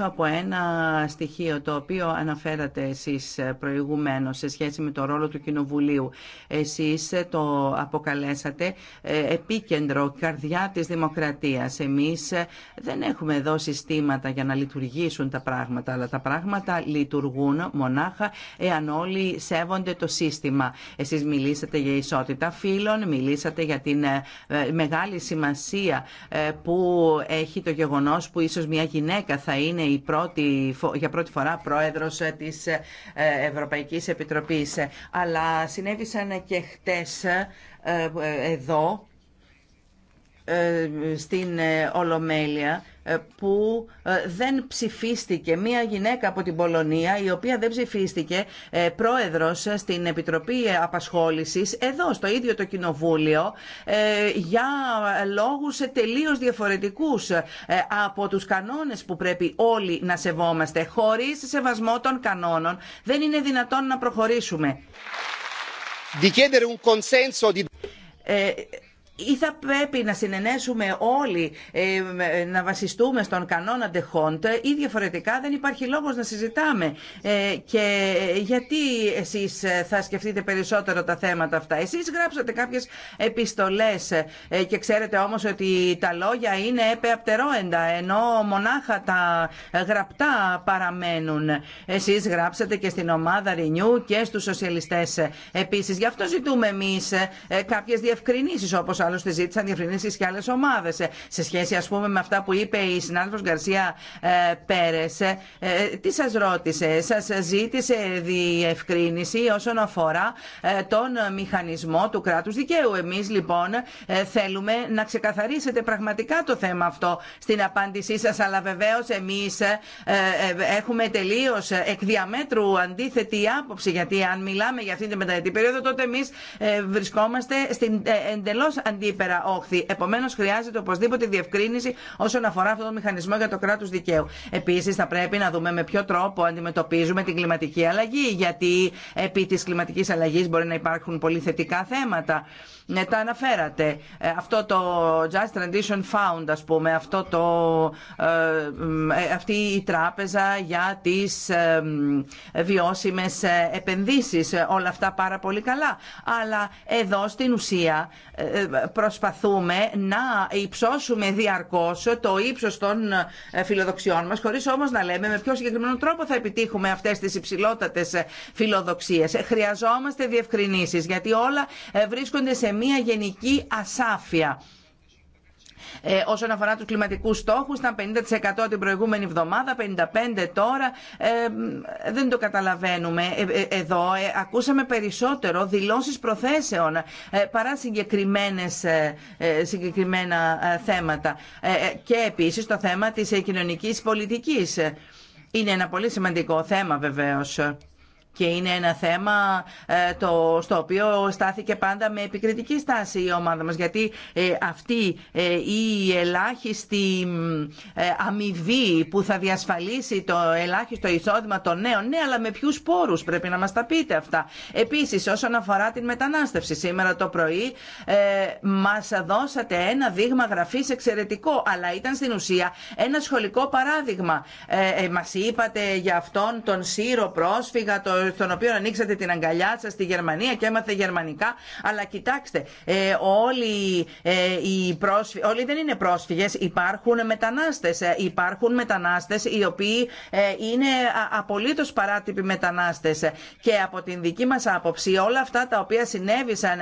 από ένα στοιχείο το οποίο αναφέρατε εσείς ε, προηγουμένως σε σχέση με το ρόλο του Κοινοβουλίου. Εσείς ε, το αποκαλέσατε ε, επίκεντρο, καρδιά της δημοκρατίας. Εμείς δεν έχουμε εδώ συστήματα για να λειτουργήσουν τα πράγματα, αλλά τα πράγματα λειτουργούν μονάχα εάν όλοι σέβονται το σύστημα. Εσείς μιλήσατε για ισότητα φύλων, μιλήσατε για την μεγάλη σημασία που έχει το γεγονός που ίσως μια γυναίκα θα είναι για πρώτη φορά πρόεδρος της ε, Ευρωπαϊκής Επιτροπής. Αλλά συνέβησαν και χτες ε, ε, εδώ στην Ολομέλεια ε, που ε, δεν ψηφίστηκε. Μία γυναίκα από την Πολωνία η οποία δεν ψηφίστηκε ε, πρόεδρος στην Επιτροπή Απασχόλησης εδώ στο ίδιο το Κοινοβούλιο για λόγους τελείως διαφορετικούς από τους κανόνες που πρέπει όλοι να σεβόμαστε. Χωρίς σεβασμό των κανόνων δεν είναι δυνατόν να προχωρήσουμε. Di ή θα πρέπει να συνενέσουμε όλοι ε, να βασιστούμε στον κανόνα ντεχόντ ή διαφορετικά δεν υπάρχει λόγος να συζητάμε. Ε, και γιατί εσείς ε, θα σκεφτείτε περισσότερο τα θέματα αυτά. Εσείς γράψατε κάποιες επιστολές και ξέρετε όμως ότι τα λόγια είναι επεαπτερόεντα ενώ μονάχα τα γραπτά παραμένουν. Εσείς γράψατε και στην ομάδα Ρινιού και στους σοσιαλιστές επίσης. Γι' αυτό ζητούμε εμείς κάποιες διευκρινήσεις όπως άλλωστε ζήτησαν διευκρινήσει και άλλε ομάδε. Ε, σε σχέση, α πούμε, με αυτά που είπε η συνάδελφο Γκαρσία ε, Πέρε, ε, τι σα ρώτησε. Σα ζήτησε διευκρίνηση όσον αφορά τον μηχανισμό του κράτου δικαίου. Εμεί, λοιπόν, θέλουμε να ξεκαθαρίσετε πραγματικά το θέμα αυτό στην απάντησή σα, αλλά βεβαίω εμεί έχουμε τελείω εκ διαμέτρου αντίθετη άποψη, γιατί αν μιλάμε για αυτή την μεταετή περίοδο, τότε εμεί βρισκόμαστε στην εντελώ αντίπερα όχθη. Επομένω, χρειάζεται οπωσδήποτε διευκρίνηση όσον αφορά αυτό το μηχανισμό για το κράτο δικαίου. Επίση, θα πρέπει να δούμε με ποιο τρόπο αντιμετωπίζουμε την κλιματική αλλαγή, γιατί επί τη κλιματική αλλαγή μπορεί να υπάρχουν πολύ θετικά θέματα. Ναι, τα αναφέρατε. Ε, αυτό το Just Transition Found ας πούμε, αυτό το, ε, ε, αυτή η τράπεζα για τις βιώσιμες επενδύσεις, όλα αυτά πάρα πολύ καλά. Αλλά εδώ στην ουσία προσπαθούμε να υψώσουμε διαρκώς το ύψος των φιλοδοξιών μας, χωρίς όμως να λέμε με ποιο συγκεκριμένο τρόπο θα επιτύχουμε αυτές τις υψηλότατες φιλοδοξίες. Χρειαζόμαστε διευκρινήσεις, γιατί όλα βρίσκονται σε μια γενική ασάφεια. Ε, όσον αφορά τους κλιματικούς στόχους, ήταν 50% την προηγούμενη εβδομάδα, 55% τώρα. Ε, δεν το καταλαβαίνουμε ε, ε, εδώ. ακούσαμε περισσότερο δηλώσεις προθέσεων παρά συγκεκριμένες, συγκεκριμένα θέματα. Και επίσης το θέμα της κοινωνικής πολιτικής. Είναι ένα πολύ σημαντικό θέμα βεβαίως και είναι ένα θέμα ε, το, στο οποίο στάθηκε πάντα με επικριτική στάση η ομάδα μας γιατί ε, αυτή ε, η ελάχιστη αμοιβή που θα διασφαλίσει το ελάχιστο εισόδημα των νέων ναι αλλά με ποιους πόρους πρέπει να μας τα πείτε αυτά. Επίσης όσον αφορά την μετανάστευση σήμερα το πρωί μας δώσατε ένα δείγμα γραφής εξαιρετικό αλλά ήταν στην ουσία ένα σχολικό παράδειγμα. Μας είπατε για αυτόν τον Σύρο πρόσφυγα, στον οποίο ανοίξατε την αγκαλιά σα στη Γερμανία και έμαθε γερμανικά. Αλλά κοιτάξτε, ε, όλοι, ε, οι δεν είναι πρόσφυγε, υπάρχουν μετανάστες. Ε, υπάρχουν μετανάστε οι οποίοι είναι απολύτω παράτυποι μετανάστες. Και από την δική μα άποψη όλα αυτά τα οποία συνέβησαν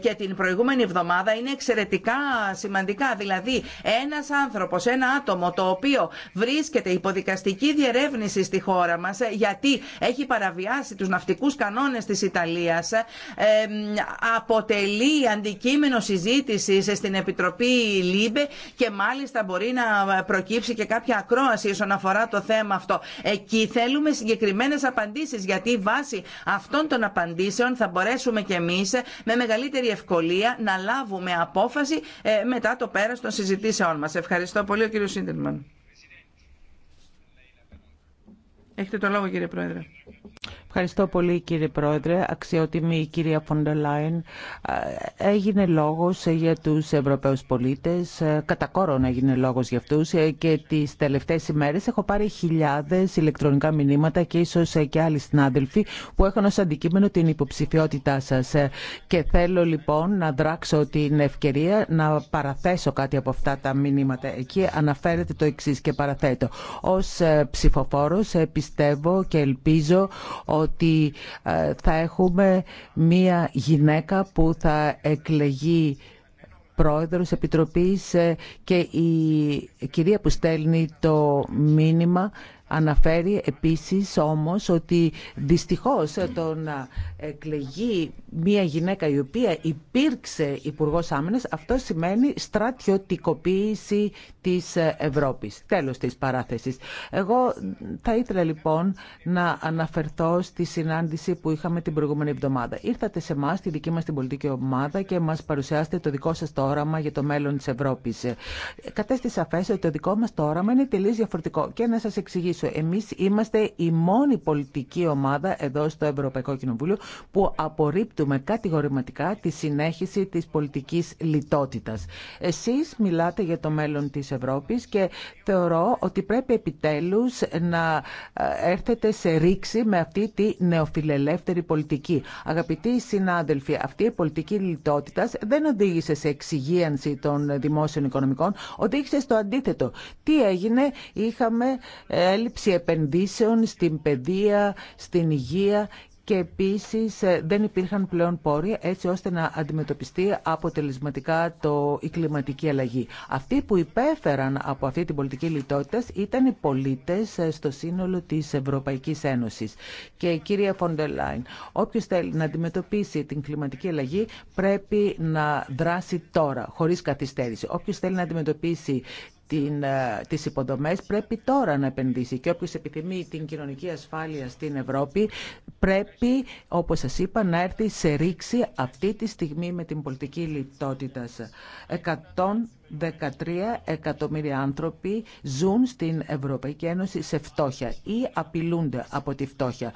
και την προηγούμενη εβδομάδα είναι εξαιρετικά σημαντικά. Δηλαδή ένα άνθρωπο, ένα άτομο το οποίο βρίσκεται υποδικαστική διερεύνηση στη χώρα μας γιατί έχει παραβιάσει του τους ναυτικούς κανόνες της Ιταλίας ε, αποτελεί αντικείμενο συζήτησης στην Επιτροπή ΛΥΜΠΕ και μάλιστα μπορεί να προκύψει και κάποια ακρόαση όσον αφορά το θέμα αυτό. Εκεί θέλουμε συγκεκριμένες απαντήσεις γιατί βάσει αυτών των απαντήσεων θα μπορέσουμε και εμείς με μεγαλύτερη ευκολία να λάβουμε απόφαση ε, μετά το πέρας των συζητήσεών μας. Ευχαριστώ πολύ ο κύριος Σίντερμαν. Έχετε το λόγο κύριε Πρόεδρε. Ευχαριστώ πολύ κύριε Πρόεδρε. Αξιότιμη κυρία Φοντελάιν. Ε, έγινε λόγος για τους Ευρωπαίους πολίτες. Ε, κατά κόρον έγινε λόγος για αυτούς ε, και τις τελευταίες ημέρες έχω πάρει χιλιάδες ηλεκτρονικά μηνύματα και ίσως και άλλοι συνάδελφοι που έχουν ως αντικείμενο την υποψηφιότητά σας. Και θέλω λοιπόν να δράξω την ευκαιρία να παραθέσω κάτι από αυτά τα μηνύματα. Εκεί αναφέρεται το εξή και παραθέτω. Ως ψηφοφόρος πιστεύω και ελπίζω ότι ε, θα έχουμε μία γυναίκα που θα εκλεγεί πρόεδρος επιτροπής ε, και η κυρία που στέλνει το μήνυμα Αναφέρει επίσης όμως ότι δυστυχώς το να εκλεγεί μια γυναίκα η οποία υπήρξε υπουργό Άμυνα, αυτό σημαίνει στρατιωτικοποίηση της Ευρώπης. Τέλος της παράθεσης. Εγώ θα ήθελα λοιπόν να αναφερθώ στη συνάντηση που είχαμε την προηγούμενη εβδομάδα. Ήρθατε σε εμά, τη δική μας την πολιτική ομάδα και μας παρουσιάσετε το δικό σας το όραμα για το μέλλον της Ευρώπης. Κατέστησα σαφές ότι το δικό μας το όραμα είναι τελείως διαφορετικό. Και να σας εξηγήσω εμείς είμαστε η μόνη πολιτική ομάδα εδώ στο Ευρωπαϊκό Κοινοβούλιο που απορρίπτουμε κατηγορηματικά τη συνέχιση της πολιτικής λιτότητας. Εσείς μιλάτε για το μέλλον της Ευρώπης και θεωρώ ότι πρέπει επιτέλους να ε, έρθετε σε ρήξη με αυτή τη νεοφιλελεύθερη πολιτική. Αγαπητοί συνάδελφοι, αυτή η πολιτική λιτότητα δεν οδήγησε σε εξυγίανση των δημόσιων οικονομικών, οδήγησε στο αντίθετο. Τι έγινε, είχαμε έλλειψη επενδύσεων στην παιδεία, στην υγεία και επίσης ε, δεν υπήρχαν πλέον πόροι έτσι ώστε να αντιμετωπιστεί αποτελεσματικά το, η κλιματική αλλαγή. Αυτοί που υπέφεραν από αυτή την πολιτική λιτότητα ήταν οι πολίτες ε, στο σύνολο της Ευρωπαϊκής Ένωσης. Και η κυρία Φοντελάιν, όποιος θέλει να αντιμετωπίσει την κλιματική αλλαγή πρέπει να δράσει τώρα, χωρίς καθυστέρηση. Όποιος θέλει να αντιμετωπίσει την, ε, τις υποδομές πρέπει τώρα να επενδύσει και όποιος επιθυμεί την κοινωνική ασφάλεια στην Ευρώπη πρέπει όπως σας είπα να έρθει σε ρήξη αυτή τη στιγμή με την πολιτική λιτότητα. 113 εκατομμύρια άνθρωποι ζουν στην Ευρωπαϊκή Ένωση σε φτώχεια ή απειλούνται από τη φτώχεια.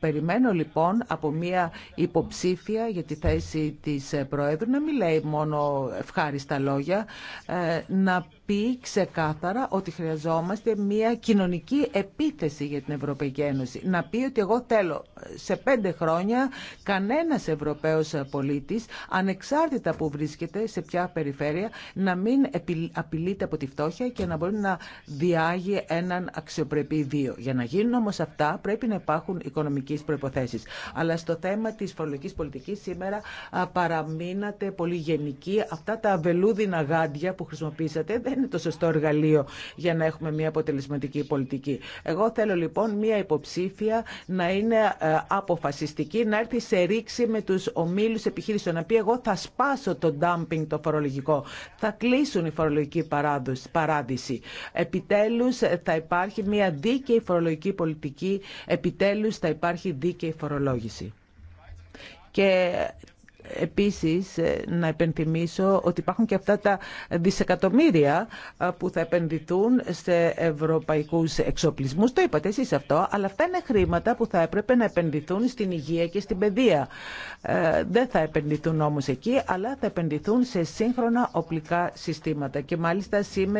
Περιμένω λοιπόν από μια υποψήφια για τη θέση της Προέδρου να μην λέει μόνο ευχάριστα λόγια, ε, να πει ξεκάθαρα ότι χρειαζόμαστε μια κοινωνική επίθεση για την Ευρωπαϊκή Ένωση. Να πει ότι εγώ θέλω σε πέντε χρόνια κανένας Ευρωπαίος πολίτης, ανεξάρτητα που βρίσκεται, σε ποια περιφέρεια, να μην απειλείται από τη φτώχεια και να μπορεί να διάγει έναν αξιοπρεπή βίο. Για να γίνουν όμως αυτά πρέπει να υπάρχουν οικονομικές προϋποθέσεις. Αλλά στο θέμα της φορολογικής πολιτικής σήμερα παραμείνατε πολύ γενικοί. Αυτά τα βελούδινα γάντια που χρησιμοποίησατε δεν είναι το σωστό εργαλείο για να έχουμε μια αποτελεσματική πολιτική. Εγώ θέλω λοιπόν μια υποψήφια να είναι ε, αποφασιστική, να έρθει σε ρήξη με του ομίλου επιχείρησεων, να πει εγώ θα σπάσω το dumping το φορολογικό, θα κλείσουν οι φορολογικοί παράδεισοι. Επιτέλου ε, θα υπάρχει μια δίκαιη φορολογική πολιτική, επιτέλου θα υπάρχει δίκαιη φορολόγηση. Και Επίσης, ε, να επενθυμίσω ότι υπάρχουν και αυτά τα δισεκατομμύρια ε, που θα επενδυθούν σε ευρωπαϊκούς εξοπλισμούς. Το είπατε εσείς αυτό, αλλά αυτά είναι χρήματα που θα έπρεπε να επενδυθούν στην υγεία και στην παιδεία. Ε, δεν θα επενδυθούν όμως εκεί, αλλά θα επενδυθούν σε σύγχρονα οπλικά συστήματα. Και μάλιστα σήμερα,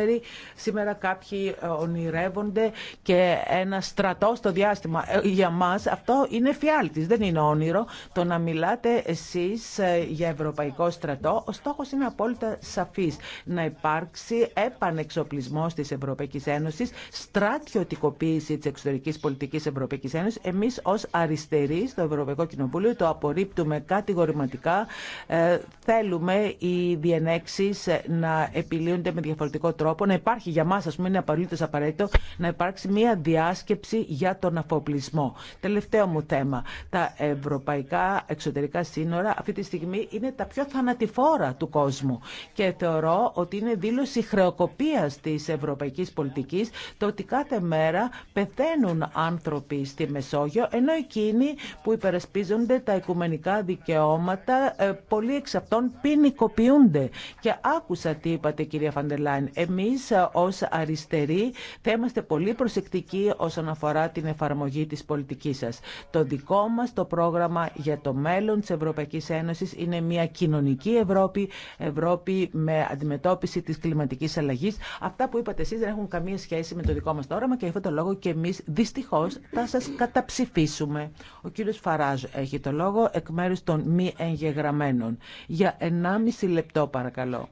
σήμερα κάποιοι ονειρεύονται και ένα στρατό στο διάστημα. Για μας αυτό είναι φιάλτης, δεν είναι όνειρο. Το να μιλάτε εσείς ε, για ευρωπαϊκό στρατό, ο στόχος είναι απόλυτα σαφής. Να υπάρξει επανεξοπλισμός της Ευρωπαϊκής Ένωσης, στρατιωτικοποίηση της εξωτερικής πολιτικής Ευρωπαϊκής Ένωσης. Εμείς ως αριστεροί στο Ευρωπαϊκό Κοινοβούλιο το απορρίπτουμε κατηγορηματικά. Ε, θέλουμε οι διενέξεις να επιλύονται με διαφορετικό τρόπο, να υπάρχει για μας, ας πούμε, είναι απαραίτητος απαραίτητο να υπάρξει μια διάσκεψη για τον αφοπλισμό. Τελευταίο μου θέμα, τα ευρωπαϊκά εξωτερικά σύνορα αυτή τη στιγμή είναι τα πιο θανατηφόρα του κόσμου. Και θεωρώ ότι είναι δήλωση χρεοκοπία τη Ευρωπαϊκή πολιτική, το ότι κάθε μέρα πεθαίνουν άνθρωποι στη Μεσόγειο, ενώ εκείνοι που υπερασπίζονται τα οικουμενικά δικαιώματα, ε, πολλοί εξ αυτών ποινικοποιούνται. Και άκουσα τι είπατε κυρία Φαντελάιν. εμεί ε, ω αριστεροί θα είμαστε πολύ προσεκτικοί όσον αφορά την εφαρμογή τη πολιτική σα. Το δικό μα το πρόγραμμα για το μέλλον τη Ευρωπαϊκή Ένωση είναι μια κοινωνική Ευρώπη, Ευρώπη με αντιμετώπιση της κλιματικής αλλαγής. Αυτά που είπατε εσείς δεν έχουν καμία σχέση με το δικό μας το όραμα και γι' αυτό το λόγο και εμείς δυστυχώς θα σας καταψηφίσουμε. Ο κύριος Φαράζ έχει το λόγο εκ μέρους των μη εγγεγραμμένων. Για 1,5 λεπτό παρακαλώ.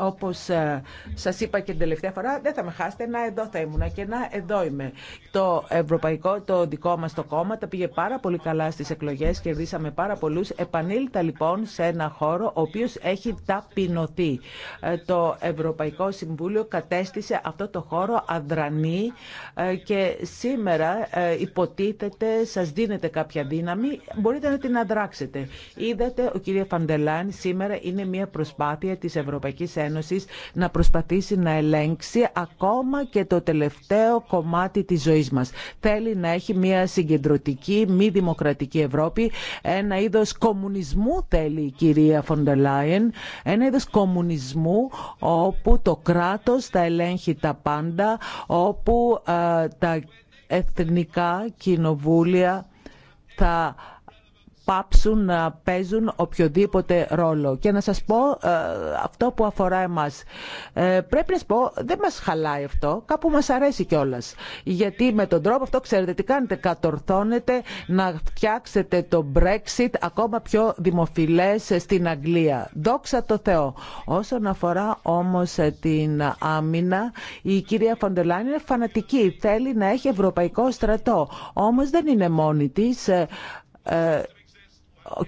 Όπως ε, σας είπα και την τελευταία φορά, δεν θα με χάσετε, να εδώ θα ήμουν και να εδώ είμαι. Το ευρωπαϊκό, το δικό μας το κόμμα, τα πήγε πάρα πολύ καλά στις εκλογές, κερδίσαμε πάρα πολλούς. Επανήλθα λοιπόν σε ένα χώρο ο οποίος έχει ταπεινωθεί. Ε, το Ευρωπαϊκό Συμβούλιο κατέστησε αυτό το χώρο αδρανή ε, και σήμερα υποτίθεται, σας δίνεται κάποια δύναμη, μπορείτε να την αδράξετε. Είδατε, ο κύριε Φαντελάν σήμερα είναι μια προσπάθεια της Ευρωπαϊκής να προσπαθήσει να ελέγξει ακόμα και το τελευταίο κομμάτι της ζωής μας. Θέλει να έχει μια συγκεντρωτική, μη δημοκρατική Ευρώπη, ένα είδος κομμουνισμού θέλει η κυρία Φοντελάιεν. ένα είδος κομμουνισμού όπου το κράτος θα ελέγχει τα πάντα, όπου ε, τα εθνικά κοινοβούλια θα πάψουν να παίζουν οποιοδήποτε ρόλο. Και να σας πω ε, αυτό που αφορά εμάς. Ε, πρέπει να σας πω, δεν μας χαλάει αυτό, κάπου μας αρέσει κιόλα. Γιατί με τον τρόπο αυτό, ξέρετε τι κάνετε, κατορθώνετε να φτιάξετε το Brexit ακόμα πιο δημοφιλές στην Αγγλία. Δόξα το Θεό. Όσον αφορά όμως ε, την άμυνα, η κυρία Φοντελάνη είναι φανατική. Θέλει να έχει ευρωπαϊκό στρατό. Όμως δεν είναι μόνη της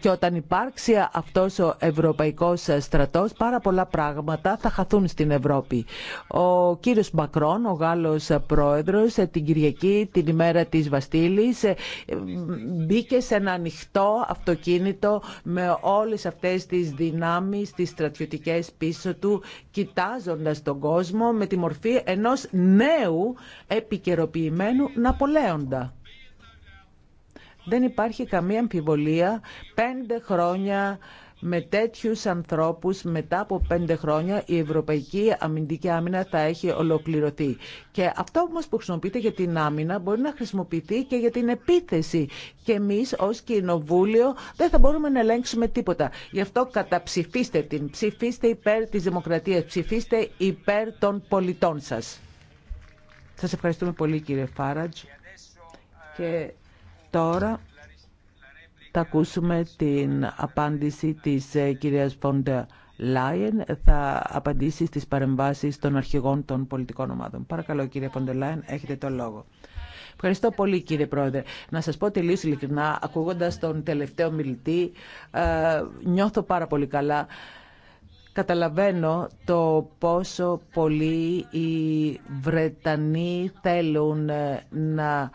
και όταν υπάρξει αυτός ο ευρωπαϊκός στρατός πάρα πολλά πράγματα θα χαθούν στην Ευρώπη. Ο κύριος Μακρόν, ο Γάλλος πρόεδρος, την Κυριακή, την ημέρα της Βαστίλης, μπήκε σε ένα ανοιχτό αυτοκίνητο με όλες αυτές τις δυνάμεις, τις στρατιωτικές πίσω του, κοιτάζοντας τον κόσμο με τη μορφή ενός νέου επικαιροποιημένου Ναπολέοντα. Δεν υπάρχει καμία αμφιβολία. Πέντε χρόνια με τέτοιους ανθρώπους μετά από πέντε χρόνια η Ευρωπαϊκή Αμυντική Άμυνα θα έχει ολοκληρωθεί. Και αυτό όμως που χρησιμοποιείται για την άμυνα μπορεί να χρησιμοποιηθεί και για την επίθεση. Και εμείς ως Κοινοβούλιο δεν θα μπορούμε να ελέγξουμε τίποτα. Γι' αυτό καταψηφίστε την. Ψηφίστε υπέρ της δημοκρατίας. Ψηφίστε υπέρ των πολιτών σας. Σας ευχαριστούμε πολύ κύριε Φάρατζ. Και Τώρα θα ακούσουμε την απάντηση της ε, κυρίας Φόντε Λάιεν. Θα απαντήσει στις παρεμβάσεις των αρχηγών των πολιτικών ομάδων. Παρακαλώ κύριε Φόντε Λάιεν, έχετε το λόγο. Ευχαριστώ πολύ κύριε Πρόεδρε. Να σας πω τελείως ειλικρινά, ακούγοντας τον τελευταίο μιλητή, ε, νιώθω πάρα πολύ καλά. Καταλαβαίνω το πόσο πολλοί οι Βρετανοί θέλουν ε, να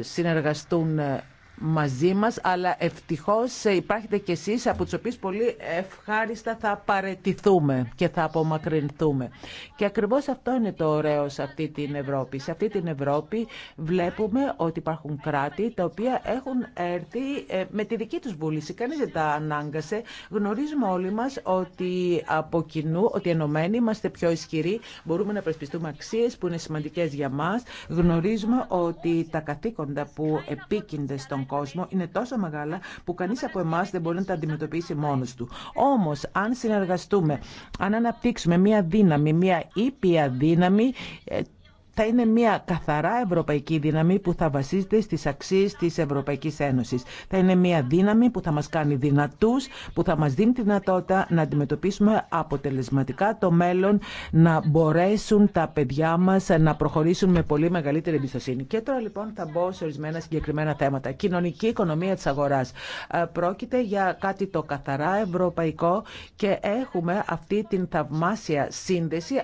συνεργαστούν ε, μαζί μας, αλλά ευτυχώς ε, υπάρχετε κι εσείς από τους οποίους πολύ ευχάριστα θα παρετηθούμε και θα απομακρυνθούμε. Και ακριβώς αυτό είναι το ωραίο σε αυτή την Ευρώπη. Σε αυτή την Ευρώπη βλέπουμε ότι υπάρχουν κράτη τα οποία έχουν έρθει ε, με τη δική τους βούληση. Κανείς δεν τα ανάγκασε. Γνωρίζουμε όλοι μας ότι από κοινού, ότι ενωμένοι είμαστε πιο ισχυροί, μπορούμε να προσπιστούμε αξίες που είναι σημαντικές για μας. Γνωρίζουμε ότι τα καθήκοντα που επίκυνται στον στον κόσμο είναι τόσο μεγάλα που κανείς από εμάς δεν μπορεί να τα αντιμετωπίσει μόνος του. Όμως, αν συνεργαστούμε, αν αναπτύξουμε μία δύναμη, μία ήπια δύναμη, ε, θα είναι μια καθαρά ευρωπαϊκή δύναμη που θα βασίζεται στις αξίες της Ευρωπαϊκής Ένωσης. Θα είναι μια δύναμη που θα μας κάνει δυνατούς, που θα μας δίνει τη δυνατότητα να αντιμετωπίσουμε αποτελεσματικά το μέλλον, να μπορέσουν τα παιδιά μας να προχωρήσουν με πολύ μεγαλύτερη εμπιστοσύνη. Και τώρα λοιπόν θα μπω σε ορισμένα συγκεκριμένα θέματα. Κοινωνική οικονομία της αγοράς. Ε, πρόκειται για κάτι το καθαρά ευρωπαϊκό και έχουμε αυτή την θαυμάσια σύνδεση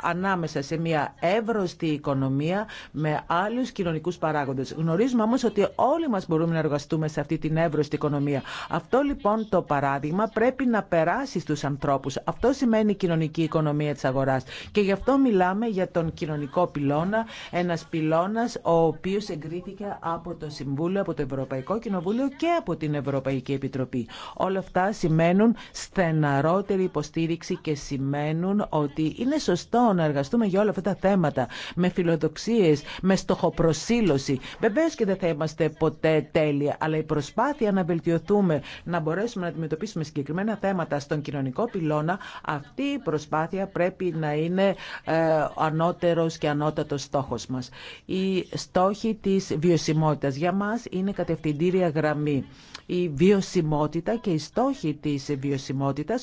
ανάμεσα σε μια εύρωστη οικονομία με άλλου κοινωνικού παράγοντε. Γνωρίζουμε όμω ότι όλοι μα μπορούμε να εργαστούμε σε αυτή την εύρωστη οικονομία. Αυτό λοιπόν το παράδειγμα πρέπει να περάσει στου ανθρώπου. Αυτό σημαίνει η κοινωνική οικονομία τη αγορά. Και γι' αυτό μιλάμε για τον κοινωνικό πυλώνα, ένα πυλώνα ο οποίο εγκρίθηκε από το Συμβούλιο, από το Ευρωπαϊκό Κοινοβούλιο και από την Ευρωπαϊκή Επιτροπή. Όλα αυτά σημαίνουν στεναρότερη υποστήριξη και σημαίνουν ότι είναι σωστό να εργαστούμε για όλα αυτά τα θέματα με φιλοδοξίε, με στοχοπροσύλωση. Βεβαίω και δεν θα είμαστε ποτέ τέλεια, αλλά η προσπάθεια να βελτιωθούμε, να μπορέσουμε να αντιμετωπίσουμε συγκεκριμένα θέματα στον κοινωνικό πυλώνα, αυτή η προσπάθεια πρέπει να είναι ο ε, ανώτερος και ανώτατος στόχο μα. Οι στόχοι τη βιωσιμότητα. για μα είναι κατευθυντήρια γραμμή. Η βιωσιμότητα και οι στόχοι τη βιωσιμότητα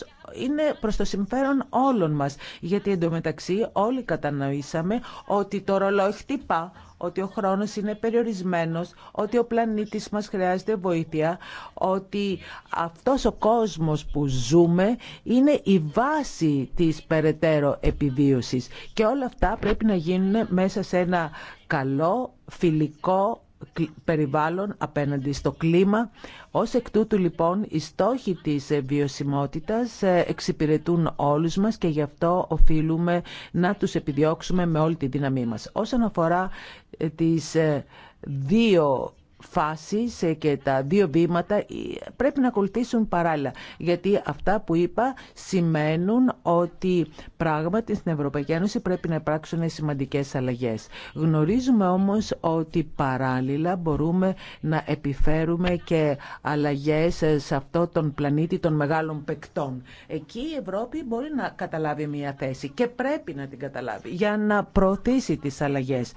είναι προ το συμφέρον όλων μα. γιατί εντωμεταξύ όλοι κατανοήσαμε ότι ότι το ρολόι χτυπά, ότι ο χρόνος είναι περιορισμένος, ότι ο πλανήτης μας χρειάζεται βοήθεια, ότι αυτός ο κόσμος που ζούμε είναι η βάση της περαιτέρω επιβίωσης. Και όλα αυτά πρέπει να γίνουν μέσα σε ένα καλό, φιλικό, περιβάλλον, απέναντι στο κλίμα. Ως εκ τούτου λοιπόν οι στόχοι της ε, βιωσιμότητας ε, εξυπηρετούν όλους μας και γι' αυτό οφείλουμε να τους επιδιώξουμε με όλη τη δύναμή μας. Όσον αφορά ε, τις δύο φάσεις ε, και τα δύο βήματα ε, πρέπει να ακολουθήσουν παράλληλα. Γιατί αυτά που είπα σημαίνουν ότι πράγματι στην Ευρωπαϊκή Ένωση πρέπει να υπάρξουν σημαντικές αλλαγές. Γνωρίζουμε όμως ότι παράλληλα μπορούμε να επιφέρουμε και αλλαγές ε, σε αυτό τον πλανήτη των μεγάλων παικτών. Εκεί η Ευρώπη μπορεί να καταλάβει μια θέση και πρέπει να την καταλάβει για να προωθήσει τις αλλαγές.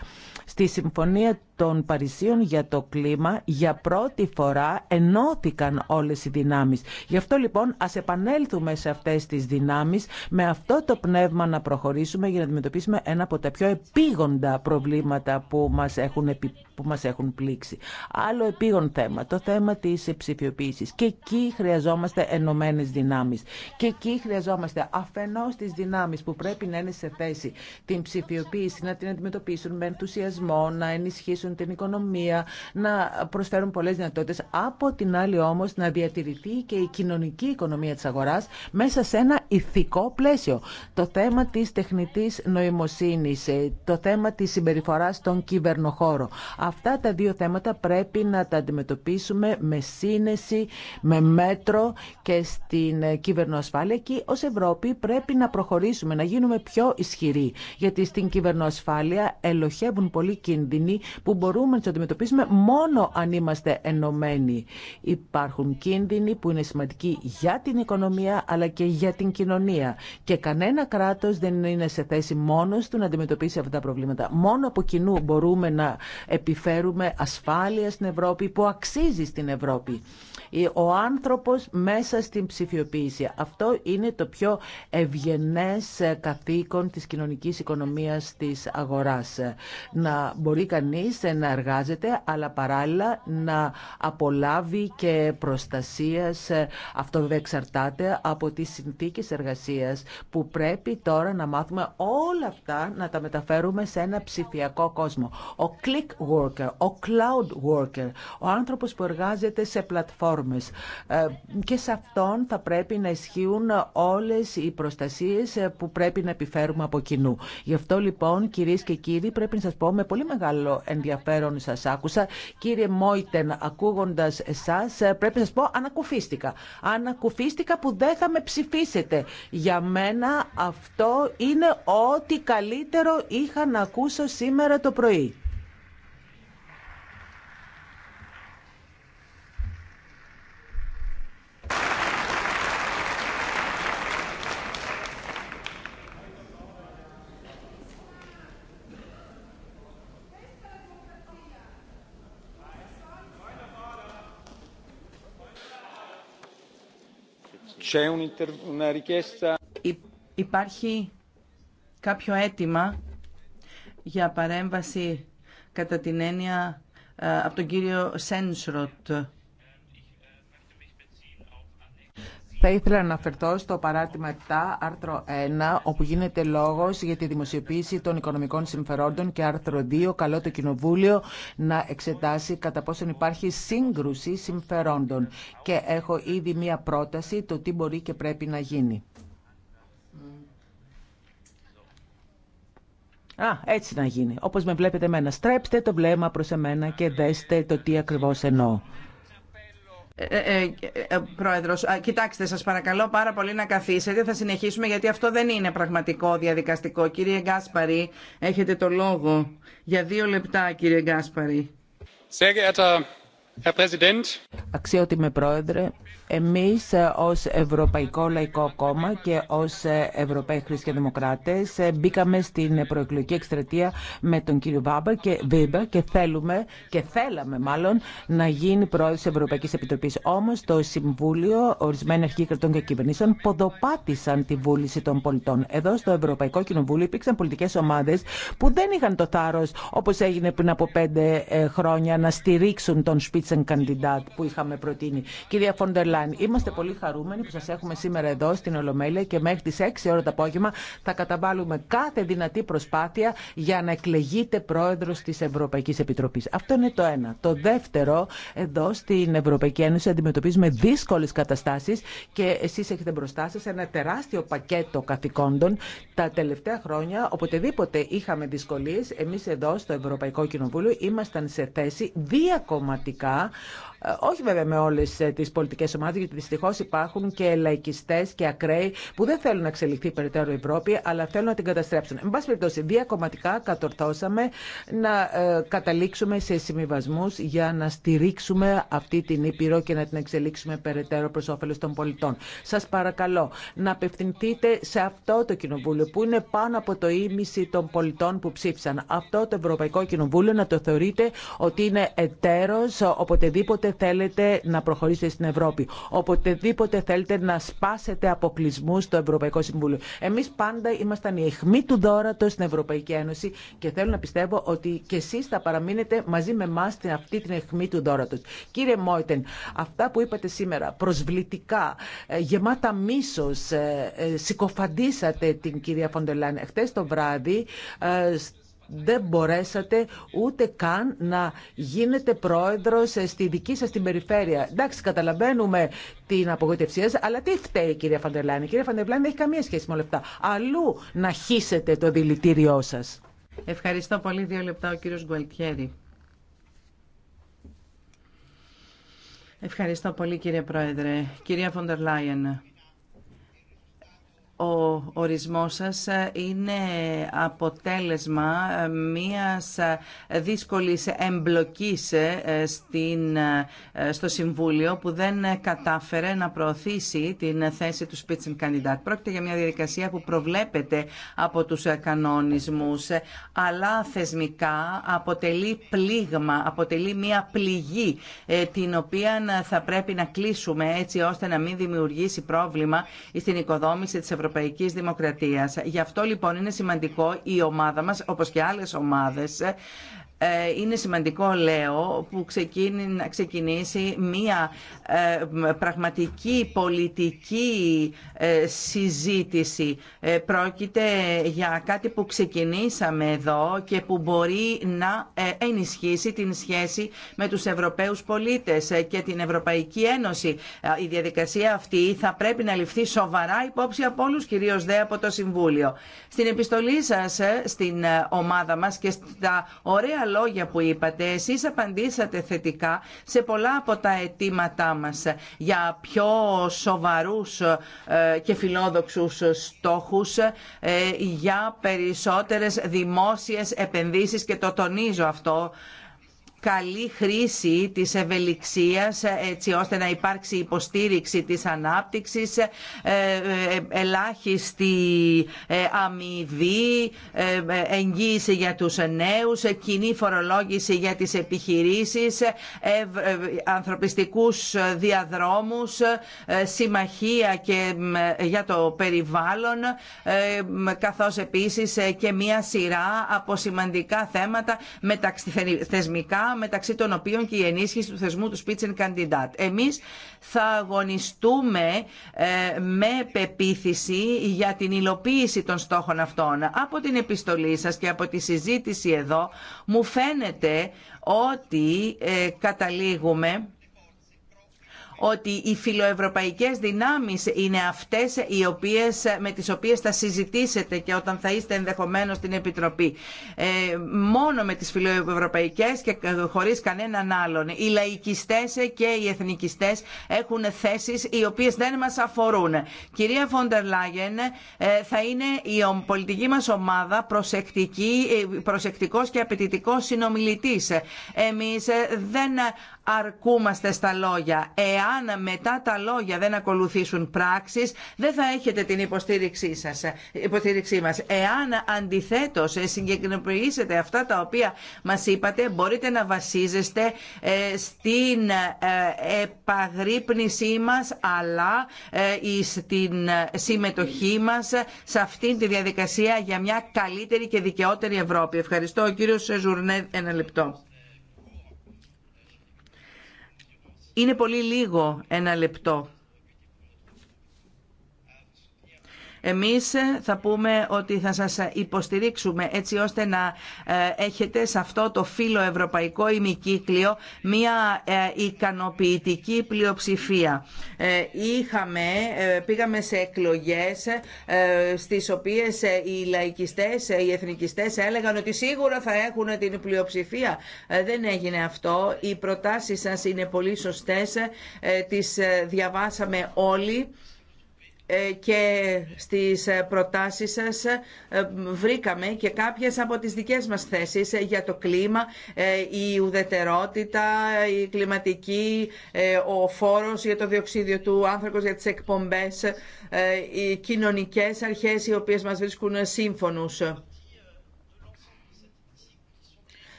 Στη συμφωνία των Παρισίων για το κλίμα για πρώτη φορά ενώθηκαν όλες οι δυνάμεις. Γι' αυτό λοιπόν ας επανέλθουμε σε αυτές τις δυνάμεις με αυτό το πνεύμα να προχωρήσουμε για να αντιμετωπίσουμε ένα από τα πιο επίγοντα προβλήματα που μας έχουν, που μας έχουν πλήξει. Άλλο επίγον θέμα, το θέμα της ψηφιοποίησης. Και εκεί χρειαζόμαστε ενωμένες δυνάμεις. Και εκεί χρειαζόμαστε αφενός τις δυνάμεις που πρέπει να είναι σε θέση την ψηφιοποίηση, να την αντιμετωπίσουν με ενθουσιασμό, να ενισχύσουν την οικονομία, να προσφέρουν πολλές δυνατότητες. Από την άλλη όμως να διατηρηθεί και η κοινωνική οικονομία της αγοράς μέσα σε ένα ηθικό πλαίσιο. Το θέμα της τεχνητής νοημοσύνης, ε, το θέμα της συμπεριφοράς στον κυβερνοχώρο. Αυτά τα δύο θέματα πρέπει να τα αντιμετωπίσουμε με σύνεση, με μέτρο και στην ε, κυβερνοασφάλεια και ως Ευρώπη πρέπει να προχωρήσουμε, να γίνουμε πιο ισχυροί. Γιατί στην κυβερνοασφάλεια ελοχεύουν πολλοί κίνδυνοι που μπορούμε να τι αντιμετωπίσουμε μόνο αν είμαστε ενωμένοι. Υπάρχουν κίνδυνοι που είναι σημαντικοί για την οικονομία αλλά και για την κοινωνία. Και κανένα κράτο δεν είναι σε θέση μόνο του να αντιμετωπίσει αυτά τα προβλήματα. Μόνο από κοινού μπορούμε να επιφέρουμε ασφάλεια στην Ευρώπη που αξίζει στην Ευρώπη. Ο άνθρωπο μέσα στην ψηφιοποίηση. Αυτό είναι το πιο ευγενέ καθήκον τη κοινωνική οικονομία τη αγορά. Να μπορεί κανεί να εργάζεται, αλλά παράλληλα να απολάβει και προστασία, ε, Αυτό βέβαια εξαρτάται από τις συνθήκες εργασίας που πρέπει τώρα να μάθουμε όλα αυτά να τα μεταφέρουμε σε ένα ψηφιακό κόσμο. Ο click worker, ο cloud worker, ο άνθρωπος που εργάζεται σε πλατφόρμες ε, και σε αυτόν θα πρέπει να ισχύουν όλες οι προστασίες που πρέπει να επιφέρουμε από κοινού. Γι' αυτό λοιπόν κυρίες και κύριοι πρέπει να σας πω με πολύ μεγάλο ενδιαφέρον ενδιαφέρον σας άκουσα. Κύριε Μόιτεν, ακούγοντας εσά, ε, πρέπει να σα πω, ανακουφίστηκα. Ανακουφίστηκα που δεν θα με ψηφίσετε. Για μένα αυτό είναι ό,τι καλύτερο είχα να ακούσω σήμερα το πρωί. Υπάρχει κάποιο αίτημα για παρέμβαση κατά την έννοια ε, από τον κύριο Σένσροτ. Θα ήθελα να αναφερθώ στο παράτημα 7, άρθρο 1, όπου γίνεται λόγο για τη δημοσιοποίηση των οικονομικών συμφερόντων και άρθρο 2, καλό το Κοινοβούλιο να εξετάσει κατά πόσον υπάρχει σύγκρουση συμφερόντων. Και έχω ήδη μία πρόταση το τι μπορεί και πρέπει να γίνει. Α, έτσι να γίνει. Όπως με βλέπετε εμένα. Στρέψτε το βλέμμα προς εμένα και δέστε το τι ακριβώς εννοώ. Ε, ε, ε, πρόεδρος, κοιτάξτε σας παρακαλώ πάρα πολύ να καθίσετε. Θα συνεχίσουμε γιατί αυτό δεν είναι πραγματικό διαδικαστικό. Κύριε Γκάσπαρη, έχετε το λόγο. Για δύο λεπτά, κύριε Γκάσπαρη. Αξιότιμε Πρόεδρε, εμείς ως Ευρωπαϊκό Λαϊκό Κόμμα και ως Ευρωπαίοι Χριστιανοδημοκράτες μπήκαμε στην προεκλογική εκστρατεία με τον κύριο Βάμπα και Βίμπα και θέλουμε και θέλαμε μάλλον να γίνει πρόεδρος της Ευρωπαϊκής Επιτροπής. Όμως το Συμβούλιο, ορισμένοι αρχηγοί κρατών και κυβερνήσεων ποδοπάτησαν τη βούληση των πολιτών. Εδώ στο Ευρωπαϊκό Κοινοβούλιο υπήρξαν πολιτικές ομάδες που δεν είχαν το θάρρος όπως έγινε πριν από πέντε ε, χρόνια να στηρίξουν τον Spitzenkandidat που είχαμε προτείνει. Κυρία Είμαστε πολύ χαρούμενοι που σα έχουμε σήμερα εδώ στην Ολομέλεια και μέχρι τι 6 ώρα το απόγευμα θα καταβάλουμε κάθε δυνατή προσπάθεια για να εκλεγείτε πρόεδρο τη Ευρωπαϊκή Επιτροπή. Αυτό είναι το ένα. Το δεύτερο, εδώ στην Ευρωπαϊκή Ένωση αντιμετωπίζουμε δύσκολε καταστάσει και εσεί έχετε μπροστά σα ένα τεράστιο πακέτο καθηκόντων. Τα τελευταία χρόνια, οποτεδήποτε είχαμε δυσκολίε, εμεί εδώ στο Ευρωπαϊκό Κοινοβούλιο ήμασταν σε θέση διακομματικά, ε, όχι βέβαια με όλε τι πολιτικέ ομάδε, γιατί δυστυχώ υπάρχουν και λαϊκιστέ και ακραίοι που δεν θέλουν να εξελιχθεί περαιτέρω η Ευρώπη, αλλά θέλουν να την καταστρέψουν. Εν πάση περιπτώσει, διακομματικά κατορθώσαμε να ε, καταλήξουμε σε συμβιβασμού για να στηρίξουμε αυτή την Ήπειρο και να την εξελίξουμε περαιτέρω προ όφελο των πολιτών. Σα παρακαλώ να απευθυνθείτε σε αυτό το κοινοβούλιο που είναι πάνω από το ίμιση των πολιτών που ψήφισαν. Αυτό το Ευρωπαϊκό Κοινοβούλιο να το θεωρείτε ότι είναι εταίρο οποτεδήποτε θέλετε να προχωρήσετε στην Ευρώπη οποτεδήποτε θέλετε να σπάσετε αποκλεισμού στο Ευρωπαϊκό Συμβούλιο. Εμεί πάντα ήμασταν η αιχμή του δόρατο στην Ευρωπαϊκή Ένωση και θέλω να πιστεύω ότι και εσεί θα παραμείνετε μαζί με εμά στην αυτή την αιχμή του δόρατο. Κύριε Μόιτεν, αυτά που είπατε σήμερα προσβλητικά, ε, γεμάτα μίσο, ε, ε, συκοφαντήσατε την κυρία Φοντελάν. Χτε το βράδυ δεν μπορέσατε ούτε καν να γίνετε πρόεδρος στη δική σας την περιφέρεια. Εντάξει, καταλαβαίνουμε την απογοητευσία σας, αλλά τι φταίει η κυρία Φαντελάνη. Η κυρία Φαντελάνη δεν έχει καμία σχέση με όλα αυτά. Αλλού να χύσετε το δηλητήριό σας. Ευχαριστώ πολύ. Δύο λεπτά ο κύριος Γκουαλτιέρη. Ευχαριστώ πολύ κύριε Πρόεδρε. Κυρία Φοντερ ο ορισμός σας ε, είναι αποτέλεσμα ε, μιας ε, δύσκολης εμπλοκής στην, στο Συμβούλιο που δεν κατάφερε να προωθήσει την θέση του Spitzenkandidat. Πρόκειται για μια διαδικασία που προβλέπεται από τους κανονισμούς αλλά θεσμικά αποτελεί πλήγμα, αποτελεί μια πληγή την οποία θα πρέπει να κλείσουμε έτσι ώστε να μην δημιουργήσει πρόβλημα στην οικοδόμηση της Ευρωπαϊκής Ευρωπαϊκή δημοκρατίας. Γι' αυτό λοιπόν είναι σημαντικό η ομάδα μας, όπως και άλλε ομάδες, ε, είναι σημαντικό, λέω, που να ξεκινήσει μία ε, πραγματική πολιτική ε, συζήτηση. Πρόκειται για κάτι που ξεκινήσαμε εδώ και που μπορεί να ενισχύσει την σχέση με τους Ευρωπαίους πολίτες και την Ευρωπαϊκή Ένωση. Η διαδικασία αυτή θα πρέπει να ληφθεί σοβαρά υπόψη από όλους, κυρίως δε από το Συμβούλιο. Στην επιστολή σας, στην ομάδα μας και στα ωραία λόγια που είπατε. Εσείς απαντήσατε θετικά σε πολλά από τα αιτήματά μας για πιο σοβαρούς ε, και φιλόδοξους στόχους, ε, για περισσότερες δημόσιες επενδύσεις και το τονίζω αυτό καλή χρήση της ευελιξίας έτσι ώστε να υπάρξει υποστήριξη της ανάπτυξης, ε, ε, ελάχιστη ε, αμοιβή, εγγύηση για τους νέους, κοινή φορολόγηση για τις επιχειρήσεις, ανθρωπιστικούς διαδρόμους, συμμαχία και για το περιβάλλον, καθώς επίσης και μία σειρά από σημαντικά θέματα μεταξύ θεσμικά μεταξύ των οποίων και η ενίσχυση του θεσμού του Candidate. Εμείς θα αγωνιστούμε ε, με πεποίθηση για την υλοποίηση των στόχων αυτών. Από την επιστολή σας και από τη συζήτηση εδώ μου φαίνεται ότι ε, καταλήγουμε ότι οι φιλοευρωπαϊκές δυνάμεις είναι αυτές οι οποίες, με τις οποίες θα συζητήσετε και όταν θα είστε ενδεχομένως στην Επιτροπή. Ε, μόνο με τις φιλοευρωπαϊκές και χωρίς κανέναν άλλον. Οι λαϊκιστές και οι εθνικιστές έχουν θέσεις οι οποίες δεν μας αφορούν. Κυρία Φόντερ Λάγεν, ε, θα είναι η πολιτική μας ομάδα προσεκτική, ε, προσεκτικός και απαιτητικός συνομιλητής. Εμείς ε, δεν αρκούμαστε στα λόγια. Εάν αν μετά τα λόγια δεν ακολουθήσουν πράξεις, δεν θα έχετε την υποστήριξή, σας, υποστήριξή μας. Εάν αντιθέτως ε, συγκεκριμενοποιήσετε αυτά τα οποία μας είπατε, μπορείτε να βασίζεστε ε, στην ε, επαγρύπνησή μας, αλλά στην συμμετοχή μας σε αυτή τη διαδικασία για μια καλύτερη και δικαιότερη Ευρώπη. Ευχαριστώ. Ο κύριος Ζουρνέ, ένα λεπτό. Είναι πολύ λίγο ένα λεπτό. Εμείς θα πούμε ότι θα σας υποστηρίξουμε έτσι ώστε να ε, έχετε σε αυτό το φύλλο ευρωπαϊκό ημικύκλιο μια ε, ικανοποιητική πλειοψηφία. Ε, είχαμε, πήγαμε σε εκλογές στις οποίες οι λαϊκιστές, οι εθνικιστές έλεγαν ότι σίγουρα θα έχουν την πλειοψηφία. Δεν έγινε αυτό. Οι προτάσεις σας είναι πολύ σωστές. Τις διαβάσαμε όλοι. Ε, και στις ε, προτάσεις σας ε, βρήκαμε και κάποιες από τις δικές μας θέσεις για το κλίμα, η ουδετερότητα, η κλιματική, ο φόρος για το διοξίδιο του άνθρακος, για τις εκπομπές, οι κοινωνικές αρχές οι οποίες μας βρίσκουν σύμφωνους.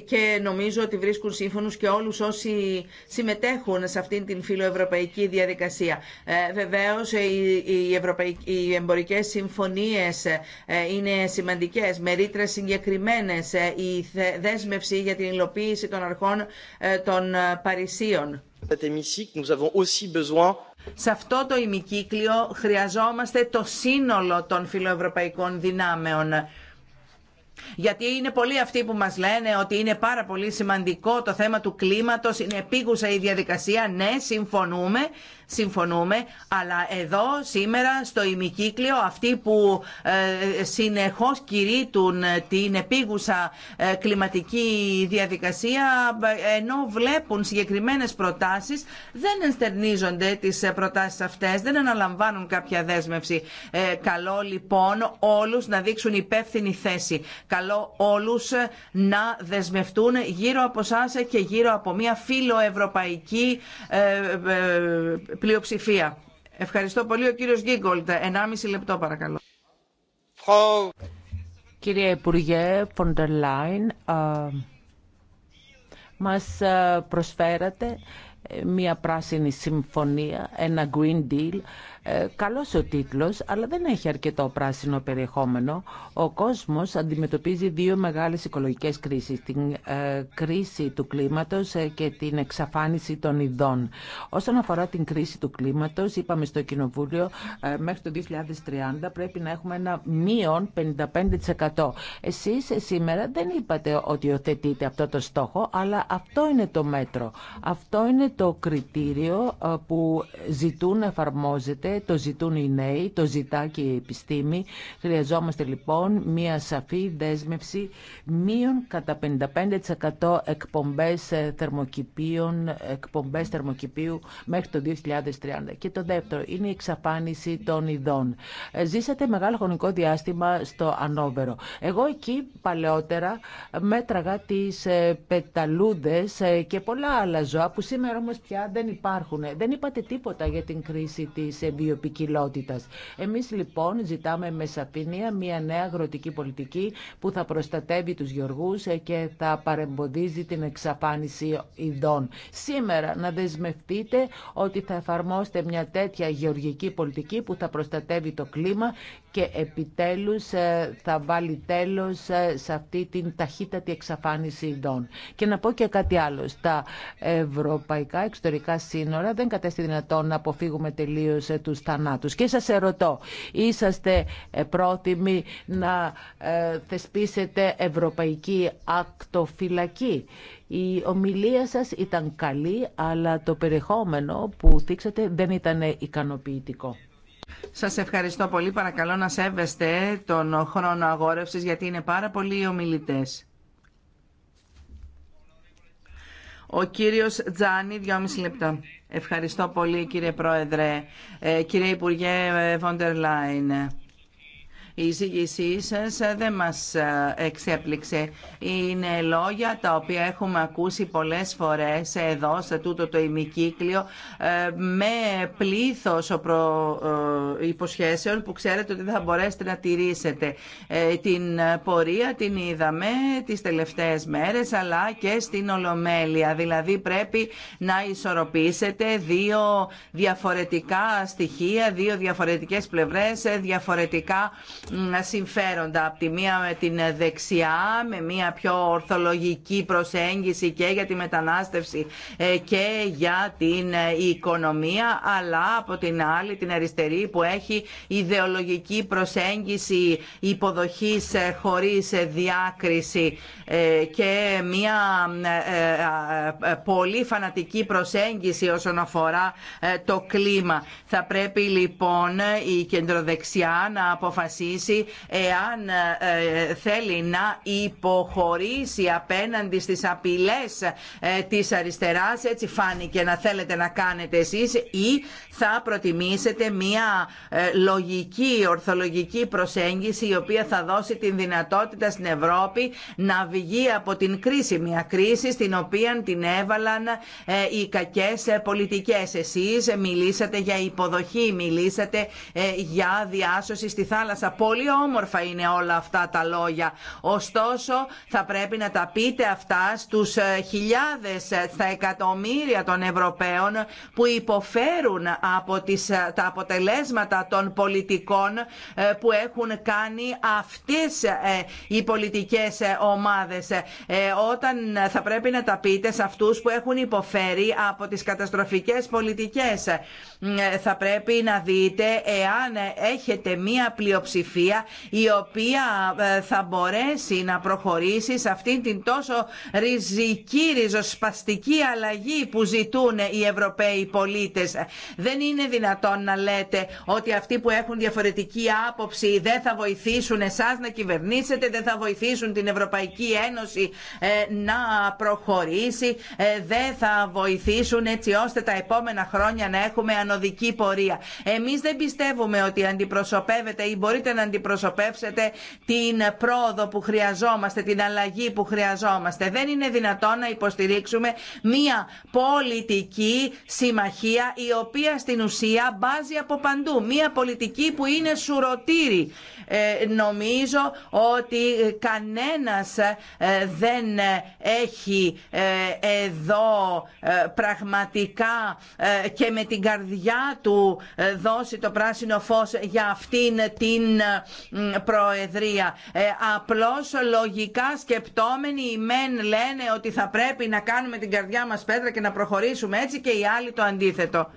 και νομίζω ότι βρίσκουν σύμφωνους και όλους όσοι συμμετέχουν σε αυτήν την φιλοευρωπαϊκή διαδικασία. Ε, βεβαίως, οι, οι, οι εμπορικές συμφωνίες ε, είναι σημαντικές, με ρήτρε συγκεκριμένες, ε, η δέσμευση για την υλοποίηση των αρχών των Παρισίων. Σε αυτό το ημικύκλιο χρειαζόμαστε το σύνολο των φιλοευρωπαϊκών δυνάμεων γιατί είναι πολλοί αυτοί που μας λένε ότι είναι πάρα πολύ σημαντικό το θέμα του κλίματος, είναι επίγουσα η διαδικασία, ναι, συμφωνούμε, συμφωνούμε, αλλά εδώ σήμερα στο ημικύκλιο αυτοί που ε, συνεχώς κηρύττουν ε, την επίγουσα ε, κλιματική διαδικασία ενώ βλέπουν συγκεκριμένες προτάσεις δεν ενστερνίζονται τις προτάσεις αυτές, δεν αναλαμβάνουν κάποια δέσμευση. Καλό λοιπόν όλους να δείξουν υπεύθυνη θέση. Καλό όλους να δεσμευτούν γύρω από εσά και γύρω από μια φιλοευρωπαϊκή πλειοψηφία. Ευχαριστώ πολύ. Ο κύριος Γκίγκολτ, 1,5 λεπτό παρακαλώ. Κύριε Υπουργέ Φοντερ Λάιν, μας ε, προσφέρατε ε, μια πράσινη συμφωνία, ένα Green Deal, ε, καλός ο τίτλος, αλλά δεν έχει αρκετό πράσινο περιεχόμενο. Ο κόσμος αντιμετωπίζει δύο μεγάλες οικολογικές κρίσεις. Την ε, κρίση του κλίματος ε, και την εξαφάνιση των ειδών. Όσον αφορά την κρίση του κλίματος, είπαμε στο Κοινοβούλιο, μέχρι το 2030 πρέπει να έχουμε ένα μείον 55%. Εσείς σήμερα δεν είπατε ότι οθετείτε αυτό το στόχο, αλλά αυτό είναι το μέτρο. Αυτό είναι το κριτήριο που ζητούν να εφαρμόζεται το ζητούν οι νέοι, το ζητά και η επιστήμη. Χρειαζόμαστε λοιπόν μία σαφή δέσμευση μείων κατά 55% εκπομπές ε, θερμοκηπίων, εκπομπές θερμοκηπίου μέχρι το 2030. Και το δεύτερο είναι η εξαφάνιση των ειδών. Ε, ζήσατε μεγάλο χρονικό διάστημα στο Ανόβερο. Εγώ εκεί παλαιότερα μέτραγα τις ε, πεταλούδες και πολλά άλλα ζώα που σήμερα όμως πια δεν υπάρχουν. Δεν είπατε τίποτα για την κρίση της βιοπικιλότητας. Εμείς λοιπόν ζητάμε με σαφήνεια μια νέα αγροτική πολιτική που θα προστατεύει τους γεωργούς ε, και θα παρεμποδίζει την εξαφάνιση ειδών. Σήμερα να δεσμευτείτε ότι θα εφαρμόσετε μια τέτοια γεωργική πολιτική που θα προστατεύει το κλίμα και επιτέλους ε, θα βάλει τέλος ε, σε αυτή την ταχύτατη εξαφάνιση ειδών. Και να πω και κάτι άλλο. Στα ευρωπαϊκά εξωτερικά σύνορα δεν κατέστη δυνατόν να αποφύγουμε τελείως του τους θανάτους. Και σας ερωτώ, είσαστε ε, πρόθυμοι να ε, θεσπίσετε ευρωπαϊκή ακτοφυλακή. Η ομιλία σας ήταν καλή, αλλά το περιεχόμενο που θίξατε δεν ήταν ικανοποιητικό. Σας ευχαριστώ πολύ. Παρακαλώ να σέβεστε τον χρόνο αγόρευσης, γιατί είναι πάρα πολλοί οι ομιλητές. Ο κύριος Τζάνι, δυόμιση λεπτά. Ευχαριστώ πολύ κύριε Πρόεδρε, ε, κύριε Υπουργέ Βόντερ Λάιν. Η εισήγησή σας δεν μας ε, εξέπληξε. Είναι λόγια τα οποία έχουμε ακούσει πολλές φορές εδώ σε τούτο το ημικύκλιο ε, με πλήθος ε, υποσχέσεων που ξέρετε ότι δεν θα μπορέσετε να τηρήσετε. Την πορεία την είδαμε τις τελευταίες μέρες αλλά και στην Ολομέλεια. Δηλαδή πρέπει να ισορροπήσετε δύο διαφορετικά στοιχεία, δύο διαφορετικές πλευρές, διαφορετικά συμφέροντα από τη μία με την δεξιά με μια πιο ορθολογική προσέγγιση και για τη μετανάστευση ε, και για την ε, οικονομία αλλά από την άλλη την αριστερή που έχει ιδεολογική προσέγγιση υποδοχής ε, χωρίς διάκριση και μια πολύ φανατική προσέγγιση όσον αφορά το κλίμα. Θα πρέπει λοιπόν η κεντροδεξιά να αποφασίσει εάν ε, ε, θέλει να υποχωρήσει απέναντι στις απειλές ε, της αριστεράς, έτσι φάνηκε να θέλετε να κάνετε εσείς, ή θα προτιμήσετε μία λογική, ορθολογική προσέγγιση η οποία θα δώσει την δυνατότητα στην Ευρώπη να βγει από την κρίση. Μια κρίση στην οποία την έβαλαν οι κακές πολιτικές. Εσείς μιλήσατε για υποδοχή, μιλήσατε για διάσωση στη θάλασσα Πολύ όμορφα είναι όλα αυτά τα λόγια. Ωστόσο, θα πρέπει να τα πείτε αυτά στους ε, χιλιάδες, ε, στα εκατομμύρια των Ευρωπαίων που υποφέρουν από τις, ε, τα αποτελέσματα των πολιτικών που έχουν κάνει αυτές οι πολιτικές ομάδες. Όταν θα πρέπει να τα πείτε σε αυτούς που έχουν υποφέρει από τις καταστροφικές πολιτικές. Ε, θα πρέπει να δείτε εάν έχετε μία πλειοψηφία η οποία ε, θα μπορέσει να προχωρήσει σε αυτήν την τόσο ριζική, ριζοσπαστική αλλαγή που ζητούν οι Ευρωπαίοι πολίτες. Δεν είναι δυνατόν να λέτε ότι αυτοί που έχουν διαφορετική άποψη δεν θα βοηθήσουν εσάς να κυβερνήσετε, δεν θα βοηθήσουν την Ευρωπαϊκή Ένωση ε, να προχωρήσει, δεν θα βοηθήσουν έτσι ώστε τα επόμενα χρόνια να έχουμε ανωδική πορεία. Εμείς δεν πιστεύουμε ότι αντιπροσωπεύετε ή μπορείτε να αντιπροσωπεύσετε την πρόοδο που χρειαζόμαστε, την αλλαγή που χρειαζόμαστε. Δεν είναι δυνατόν να υποστηρίξουμε μία πολιτική συμμαχία η οποία στην ουσία μπάζει από παντού. Μία πολιτική που είναι σουρωτήρη. Ε, νομίζω ότι κανένας ε, δεν έχει ε, εδώ πραγματικά και με την καρδιά για του ε, δώσει το πράσινο φως για αυτήν την προεδρία. Ε, απλώς λογικά σκεπτόμενοι οι μεν λένε ότι θα πρέπει να κάνουμε την καρδιά μας πέτρα και να προχωρήσουμε έτσι και οι άλλοι το αντίθετο.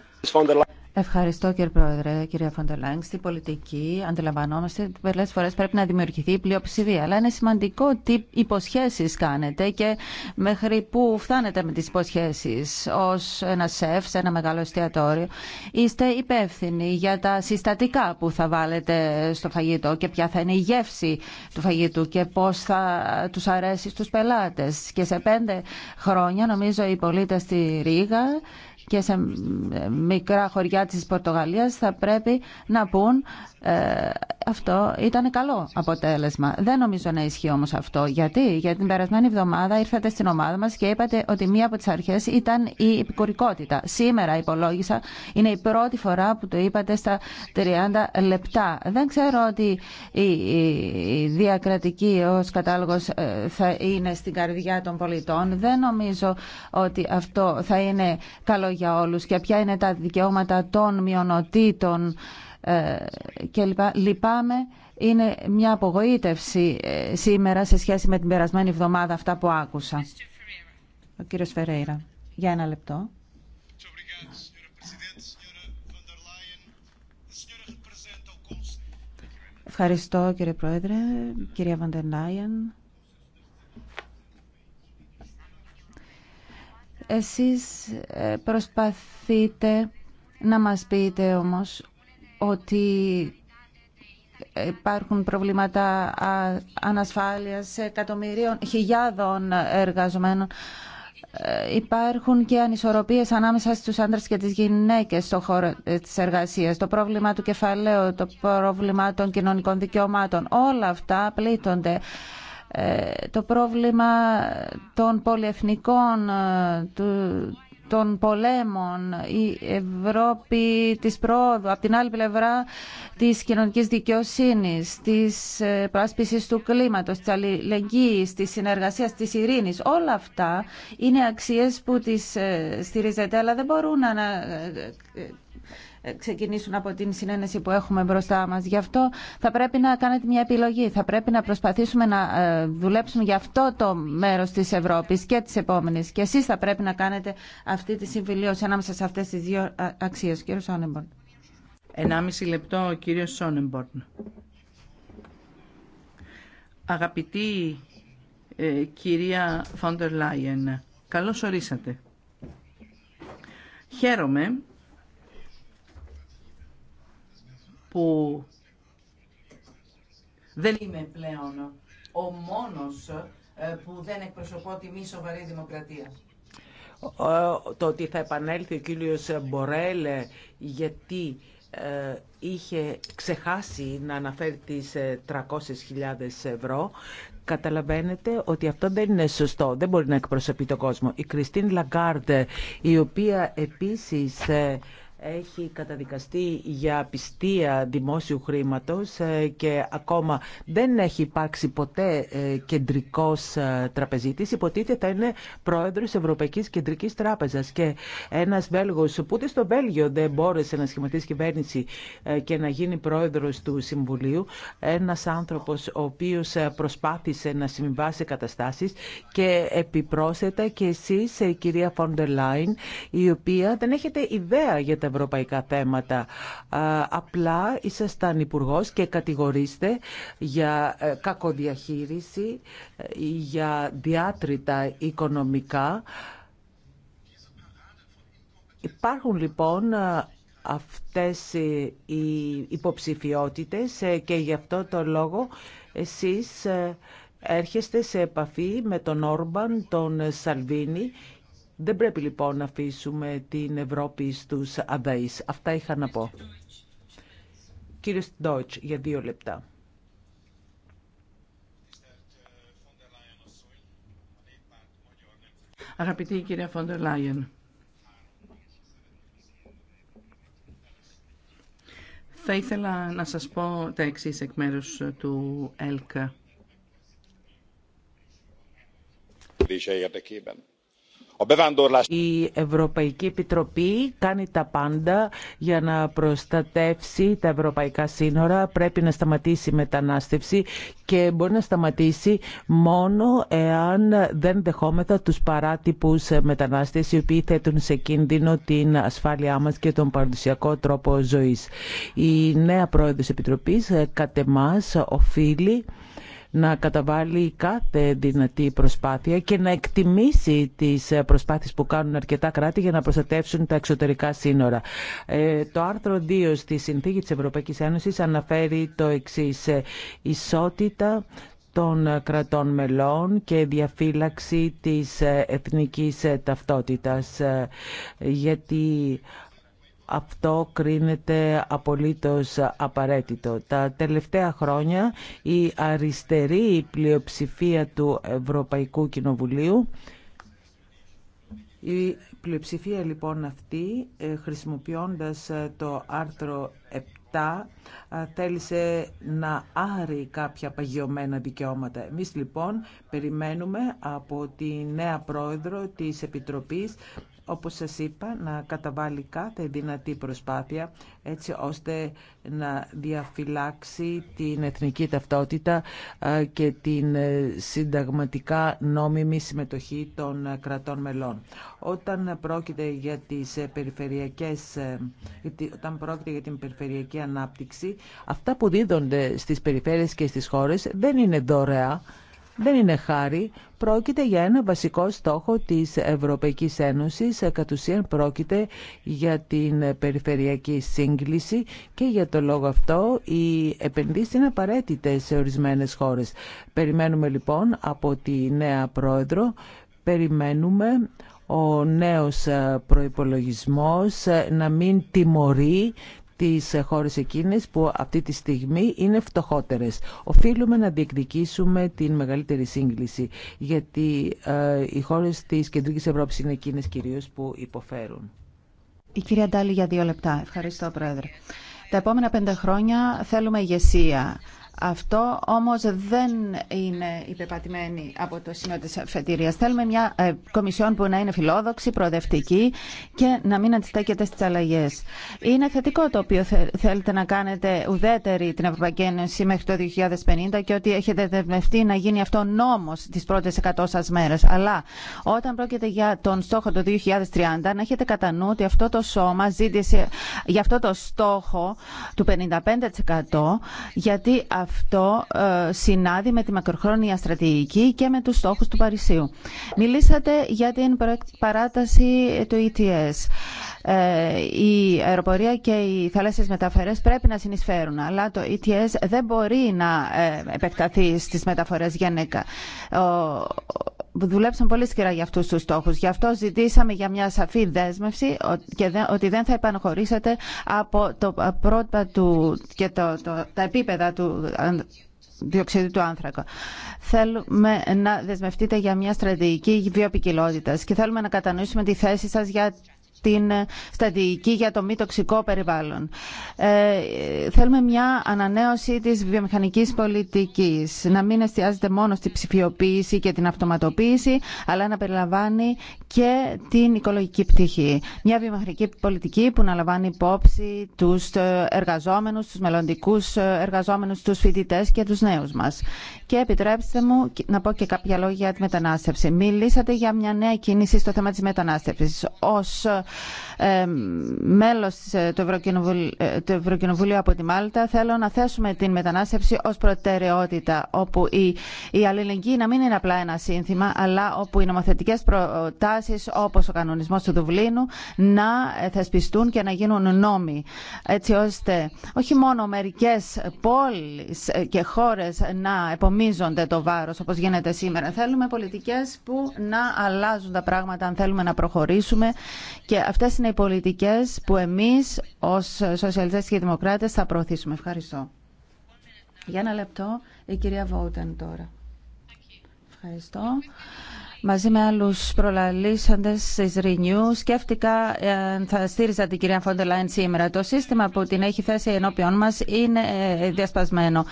Ευχαριστώ κύριε Πρόεδρε, κυρία Φοντελάγκ. Στην πολιτική αντιλαμβανόμαστε ότι πολλέ φορέ πρέπει να δημιουργηθεί η πλειοψηφία. Αλλά είναι σημαντικό τι υποσχέσει κάνετε και μέχρι πού φτάνετε με τι υποσχέσει. Ω ένα σεφ σε ένα μεγάλο εστιατόριο, είστε υπεύθυνοι για τα συστατικά που θα βάλετε στο φαγητό και ποια θα είναι η γεύση του φαγητού και πώ θα του αρέσει στου πελάτε. Και σε πέντε χρόνια, νομίζω, οι πολίτε στη Ρήγα και σε μικρά χωριά της Πορτογαλίας θα πρέπει να πούν ε, αυτό ήταν καλό αποτέλεσμα. Δεν νομίζω να ισχύει όμω αυτό. Γιατί? για την περασμένη εβδομάδα ήρθατε στην ομάδα μα και είπατε ότι μία από τι αρχέ ήταν η επικουρικότητα. Σήμερα υπολόγισα, είναι η πρώτη φορά που το είπατε στα 30 λεπτά. Δεν ξέρω ότι η διακρατική ω κατάλογο ε, θα είναι στην καρδιά των πολιτών. Δεν νομίζω ότι αυτό θα είναι καλό για όλου. Και ποια είναι τα δικαιώματα των μειονοτήτων. Ε, λοιπά Λυπάμαι. Είναι μια απογοήτευση ε, σήμερα σε σχέση με την περασμένη εβδομάδα αυτά που άκουσα. Ο κύριος Φερέιρα, για ένα λεπτό. Ευχαριστώ κύριε Πρόεδρε, κυρία Βαντερνάιεν. Εσείς ε, προσπαθείτε να μας πείτε όμως ότι υπάρχουν προβλήματα ανασφάλειας εκατομμυρίων χιλιάδων εργαζομένων. Ε, υπάρχουν και ανισορροπίες ανάμεσα στους άντρες και τις γυναίκες στο χώρο της εργασίας. Το πρόβλημα του κεφαλαίου, το πρόβλημα των κοινωνικών δικαιωμάτων, όλα αυτά πλήττονται. Ε, το πρόβλημα των πολυεθνικών, ε, των πολέμων, η Ευρώπη της πρόοδου, από την άλλη πλευρά της κοινωνικής δικαιοσύνης, της ε, πράσπισης του κλίματος, της αλληλεγγύης, της συνεργασίας, της ειρήνης. Όλα αυτά είναι αξίες που τις ε, στηρίζεται, αλλά δεν μπορούν να ε, ξεκινήσουν από την συνένεση που έχουμε μπροστά μας. Γι' αυτό θα πρέπει να κάνετε μια επιλογή. Θα πρέπει να προσπαθήσουμε να ε, δουλέψουμε για αυτό το μέρος της Ευρώπης και της επόμενης. Και εσείς θα πρέπει να κάνετε αυτή τη συμφιλίωση ανάμεσα σε αυτές τις δύο ε, αξίες. Κύριο Σόνεμπορν. Ενάμιση λεπτό ο κύριος Σόνεμπορν. Αγαπητή ε, κυρία Φόντερ Λάιεν, καλώς ορίσατε. Χαίρομαι που δεν είμαι πλέον ο μόνος ε, που δεν εκπροσωπώ τη μη σοβαρή δημοκρατία. Ε, το ότι θα επανέλθει ο κύριος Μπορέλ ε, γιατί είχε ξεχάσει να αναφέρει τις 300.000 ευρώ καταλαβαίνετε ότι αυτό δεν είναι σωστό. Δεν μπορεί να εκπροσωπεί το κόσμο. Η Κριστίν Λαγκάρντ, η οποία επίσης έχει καταδικαστεί για πιστία δημόσιου χρήματος ε, και ακόμα δεν έχει υπάρξει ποτέ ε, κεντρικός ε, τραπεζίτης. Υποτίθεται θα είναι πρόεδρος Ευρωπαϊκής Κεντρικής Τράπεζας και ένας Βέλγος που ούτε στο Βέλγιο δεν μπόρεσε να σχηματίσει κυβέρνηση και να γίνει πρόεδρος του Συμβουλίου. Ένας άνθρωπος ο οποίος προσπάθησε να συμβάσει καταστάσεις και επιπρόσθετα και εσείς κυρία Φόντερ η οποία δεν έχετε ιδέα για ευρωπαϊκά θέματα. Απλά ήσασταν υπουργό και κατηγορήστε για ε, κακοδιαχείριση, ε, για διάτρητα οικονομικά. Υπάρχουν λοιπόν ε, αυτές οι υποψηφιότητες και γι' αυτό το λόγο εσείς έρχεστε σε επαφή με τον Όρμπαν, τον Σαλβίνη δεν πρέπει λοιπόν να αφήσουμε την Ευρώπη στους αδαείς. Αυτά είχα να πω. Κύριε Ντότς, για δύο λεπτά. Αγαπητή κυρία Φόντερ Λάιεν, θα ήθελα να σας πω τα εξής εκ μέρους του ΕΛΚΑ. Η Ευρωπαϊκή Επιτροπή κάνει τα πάντα για να προστατεύσει τα ευρωπαϊκά σύνορα. Πρέπει να σταματήσει η μετανάστευση και μπορεί να σταματήσει μόνο εάν δεν δεχόμεθα τους παράτυπους μετανάστες οι οποίοι θέτουν σε κίνδυνο την ασφάλειά μας και τον παραδοσιακό τρόπο ζωής. Η νέα πρόεδρος Επιτροπής ε, κατ' εμάς οφείλει να καταβάλει κάθε δυνατή προσπάθεια και να εκτιμήσει τις προσπάθειες που κάνουν αρκετά κράτη για να προστατεύσουν τα εξωτερικά σύνορα. Ε, το άρθρο 2 στη Συνθήκη της Ευρωπαϊκής Ένωσης αναφέρει το εξής ε, ισότητα των κρατών μελών και διαφύλαξη της ε, εθνικής ταυτότητας γιατί αυτό κρίνεται απολύτως απαραίτητο. Τα τελευταία χρόνια η αριστερή πλειοψηφία του Ευρωπαϊκού Κοινοβουλίου η πλειοψηφία λοιπόν αυτή ε, χρησιμοποιώντας ε, το άρθρο 7 ε, θέλησε να άρει κάποια παγιωμένα δικαιώματα. Εμείς λοιπόν περιμένουμε από τη νέα πρόεδρο της Επιτροπής όπως σας είπα, να καταβάλει κάθε δυνατή προσπάθεια έτσι ώστε να διαφυλάξει την εθνική ταυτότητα και την ε, συνταγματικά νόμιμη συμμετοχή των ε, κρατών μελών. Όταν πρόκειται για, τις ε, περιφερειακές, όταν πρόκειται για την περιφερειακή ανάπτυξη, αυτά που δίδονται στις περιφέρειες και στις χώρες δεν είναι δωρεά δεν είναι χάρη. Πρόκειται για ένα βασικό στόχο της Ευρωπαϊκής Ένωσης. Κατ' ουσίαν πρόκειται για την περιφερειακή σύγκληση και για το λόγο αυτό οι επενδύσεις είναι απαραίτητε σε ορισμένες χώρες. Περιμένουμε λοιπόν από τη νέα πρόεδρο, περιμένουμε ο νέος προϋπολογισμός να μην τιμωρεί τις χώρες εκείνες που αυτή τη στιγμή είναι φτωχότερες. Οφείλουμε να διεκδικήσουμε την μεγαλύτερη σύγκληση, γιατί ε, οι χώρες της Κεντρικής Ευρώπης είναι εκείνες κυρίως που υποφέρουν. Η κυρία Ντάλη για δύο λεπτά. Ευχαριστώ, Πρόεδρε. Τα επόμενα πέντε χρόνια θέλουμε ηγεσία. Αυτό όμως δεν είναι υπεπατημένη από το σημείο της αφετηρίας. Θέλουμε μια ε, κομισιόν που να είναι φιλόδοξη, προοδευτική και να μην αντιστέκεται στις αλλαγέ. Είναι θετικό το οποίο θέλετε να κάνετε ουδέτερη την Ευρωπαϊκή Ένωση μέχρι το 2050 και ότι έχετε δεσμευτεί να γίνει αυτό νόμος τις πρώτες 100 σας μέρες. Αλλά όταν πρόκειται για τον στόχο το 2030 να έχετε κατά νου ότι αυτό το σώμα ζήτησε για αυτό το στόχο του 55% γιατί αυτό ε, συνάδει με τη μακροχρόνια στρατηγική και με τους στόχους του Παρισίου. Μιλήσατε για την παράταση του ETS. Ε, η αεροπορία και οι θαλάσσιες μεταφορές πρέπει να συνεισφέρουν, αλλά το ETS δεν μπορεί να ε, επεκταθεί στις μεταφορές γενικά δουλέψαν πολύ σκληρά για αυτού του στόχου. Γι' αυτό ζητήσαμε για μια σαφή δέσμευση ότι δεν θα επαναχωρήσετε από το πρότυπα του και το, το, τα επίπεδα του διοξειδίου του άνθρακα. Θέλουμε να δεσμευτείτε για μια στρατηγική βιοπικιλότητα και θέλουμε να κατανοήσουμε τη θέση σα για την στατική για το μη τοξικό περιβάλλον. Ε, θέλουμε μια ανανέωση της βιομηχανικής πολιτικής. Να μην εστιάζεται μόνο στη ψηφιοποίηση και την αυτοματοποίηση, αλλά να περιλαμβάνει και την οικολογική πτυχή. Μια βιομηχανική πολιτική που να λαμβάνει υπόψη τους εργαζόμενους, τους μελλοντικούς εργαζόμενους, τους φοιτητέ και τους νέους μας. Και επιτρέψτε μου να πω και κάποια λόγια για τη μετανάστευση. Μιλήσατε για μια νέα κίνηση στο θέμα της μετανάστευσης. Ως ε, μέλος ε, ε, του Ευρωκοινοβουλίου από τη Μάλτα θέλω να θέσουμε την μετανάστευση ως προτεραιότητα όπου η αλληλεγγύη να μην είναι απλά ένα σύνθημα αλλά όπου οι νομοθετικές προτάσεις όπως ο κανονισμός του Δουβλίνου να θεσπιστούν και να γίνουν νόμοι έτσι ώστε όχι μόνο μερικές πόλεις και χώρες να επομίζονται το βάρος όπως γίνεται σήμερα. Θέλουμε πολιτικές που να αλλάζουν τα πράγματα αν θέλουμε να προχωρήσουμε και αυτές είναι οι πολιτικές που εμείς ως σοσιαλιστές και δημοκράτες θα προωθήσουμε. Ευχαριστώ. Για ένα λεπτό, η κυρία Βόουτεν τώρα. Ευχαριστώ μαζί με άλλου προλαλήσαντε τη Renew σκέφτηκα ε, θα στήριζα την κυρία Φόντελάιν σήμερα. Το σύστημα που την έχει θέσει ενώπιον μα είναι ε, διασπασμένο.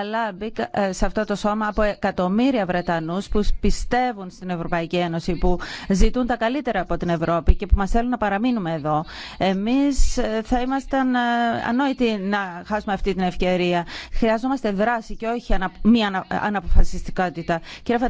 Αλλά μπήκα ε, σε αυτό το σώμα από εκατομμύρια Βρετανού που πιστεύουν στην Ευρωπαϊκή Ένωση, που ζητούν τα καλύτερα από την Ευρώπη και που μα θέλουν να παραμείνουμε εδώ. Εμείς θα ήμασταν ανόητοι να χάσουμε αυτή την ευκαιρία. Χρειαζόμαστε δράση και όχι μία αναποφασιστικότητα. Κύριε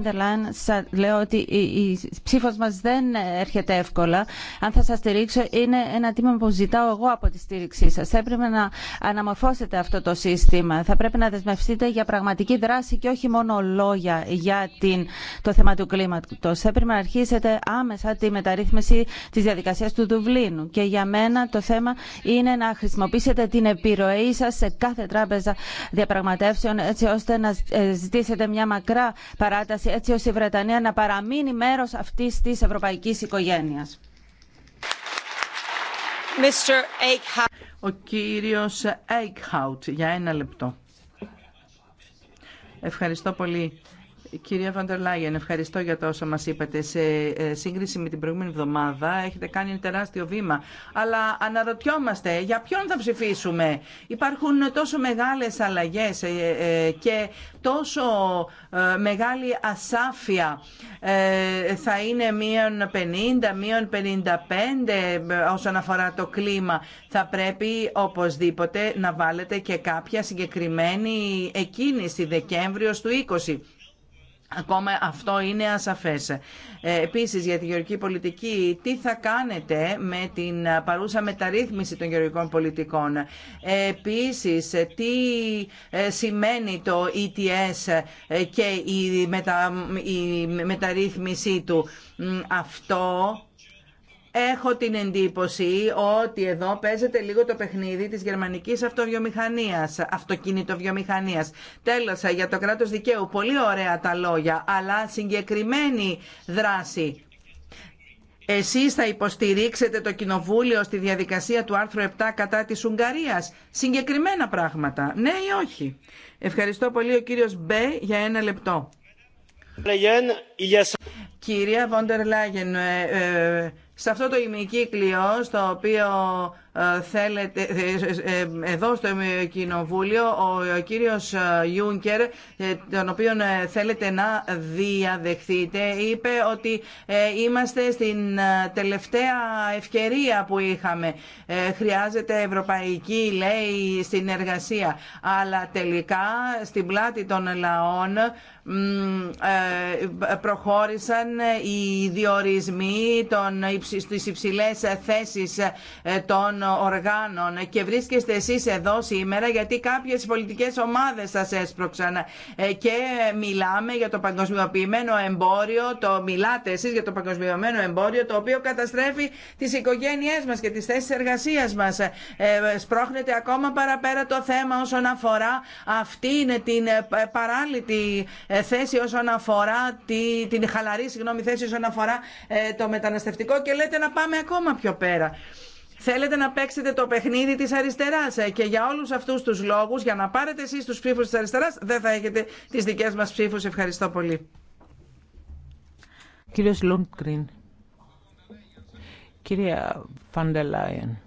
σα λέω ότι η ψήφο μα δεν έρχεται εύκολα. Αν θα σα στηρίξω είναι ένα τίμημα που ζητάω εγώ από τη στήριξή σα. Θα έπρεπε να αναμορφώσετε αυτό το σύστημα. Θα πρέπει να δεσμευτείτε για πραγματική δράση και όχι μόνο λόγια για την, το θέμα του κλίματος. Θα έπρεπε να αρχίσετε άμεσα τη μεταρρύθμιση τη διαδικασία του Δουβλίνου. Και για μένα το θέμα είναι να χρησιμοποιήσετε την επιρροή σα σε κάθε τράπεζα διαπραγματεύσεων έτσι ώστε να ζητήσετε μια μακρά παράταση έτσι ώστε η Βρετανία να παραμείνει παραμείνει μέρος αυτής της ευρωπαϊκής οικογένειας. Ο κύριος Eichhout, για ένα λεπτό. Ευχαριστώ πολύ. Κυρία Βαντερ Λάγεν, ευχαριστώ για το όσο μας είπατε. Σε ε, σύγκριση με την προηγούμενη εβδομάδα έχετε κάνει ένα τεράστιο βήμα. Αλλά αναρωτιόμαστε για ποιον θα ψηφίσουμε. Υπάρχουν τόσο μεγάλες αλλαγές ε, ε, και τόσο μεγάλη ασάφεια. Θα είναι μείον 50, μείον 55 όσον αφορά το κλίμα. Θα πρέπει οπωσδήποτε να βάλετε και κάποια συγκεκριμένη εκκίνηση Δεκέμβριο του 20. Ακόμα αυτό είναι ασαφές. Ε, επίσης για τη γεωργική πολιτική, τι θα κάνετε με την παρούσα μεταρρύθμιση των γεωργικών πολιτικών. Ε, επίσης, τι ε, σημαίνει το ETS και η, μετα... η μεταρρύθμιση του. Αυτό Έχω την εντύπωση ότι εδώ παίζεται λίγο το παιχνίδι της γερμανικής αυτοβιομηχανίας, αυτοκινητοβιομηχανίας. Τέλος, ε, για το κράτος δικαίου, πολύ ωραία τα λόγια, αλλά συγκεκριμένη δράση. Εσείς θα υποστηρίξετε το Κοινοβούλιο στη διαδικασία του άρθρου 7 κατά της Ουγγαρίας. Συγκεκριμένα πράγματα. Ναι ή όχι. Ευχαριστώ πολύ ο κύριος Μπέ για ένα λεπτό. Κυρία Βόντερ Λάγεν, ε, ε, σε αυτό το ημικύκλιο στο οποίο θέλετε, ε, ε, ε, εδώ στο Κοινοβούλιο ο κύριος Γιούνκερ, τον οποίον θέλετε να διαδεχθείτε, είπε ότι είμαστε στην τελευταία ευκαιρία που είχαμε. Χρειάζεται ευρωπαϊκή, λέει, συνεργασία. Αλλά τελικά στην πλάτη των λαών προχώρησαν οι διορισμοί των, στις υψηλές θέσεις των οργάνων και βρίσκεστε εσείς εδώ σήμερα γιατί κάποιες πολιτικές ομάδες σας έσπρωξαν ε, και μιλάμε για το παγκοσμιοποιημένο εμπόριο, το μιλάτε εσείς για το παγκοσμιοποιημένο εμπόριο το οποίο καταστρέφει τις οικογένειές μας και τις θέσεις εργασίας μας. Ε, σπρώχνεται ακόμα παραπέρα το θέμα όσον αφορά αυτή την ε, παράλληλη θέση όσον αφορά την χαλαρή συγγνώμη θέση όσον αφορά το μεταναστευτικό και λέτε να πάμε ακόμα πιο πέρα. Θέλετε να παίξετε το παιχνίδι της αριστεράς ε, και για όλους αυτούς τους λόγους, για να πάρετε εσείς τους ψήφου της αριστεράς, δεν θα έχετε τις δικές μα ψήφου. Ευχαριστώ πολύ. Κύριος Λούντκριν. Κυρία Φαντελάιεν.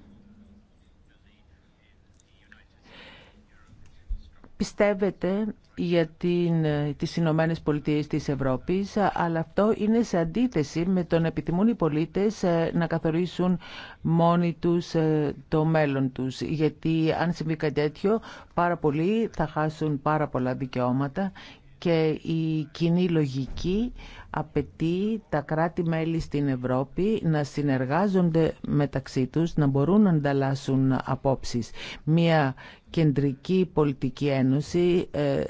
Πιστεύετε για την, τις Ηνωμένε Πολιτείε της Ευρώπης, αλλά αυτό είναι σε αντίθεση με τον επιθυμούν οι πολίτες ε, να καθορίσουν μόνοι τους ε, το μέλλον τους. Γιατί αν συμβεί κάτι τέτοιο, πάρα πολλοί θα χάσουν πάρα πολλά δικαιώματα και η κοινή λογική απαιτεί τα κράτη-μέλη στην Ευρώπη να συνεργάζονται μεταξύ τους, να μπορούν να ανταλλάσσουν απόψεις. Μία κεντρική πολιτική ένωση ε,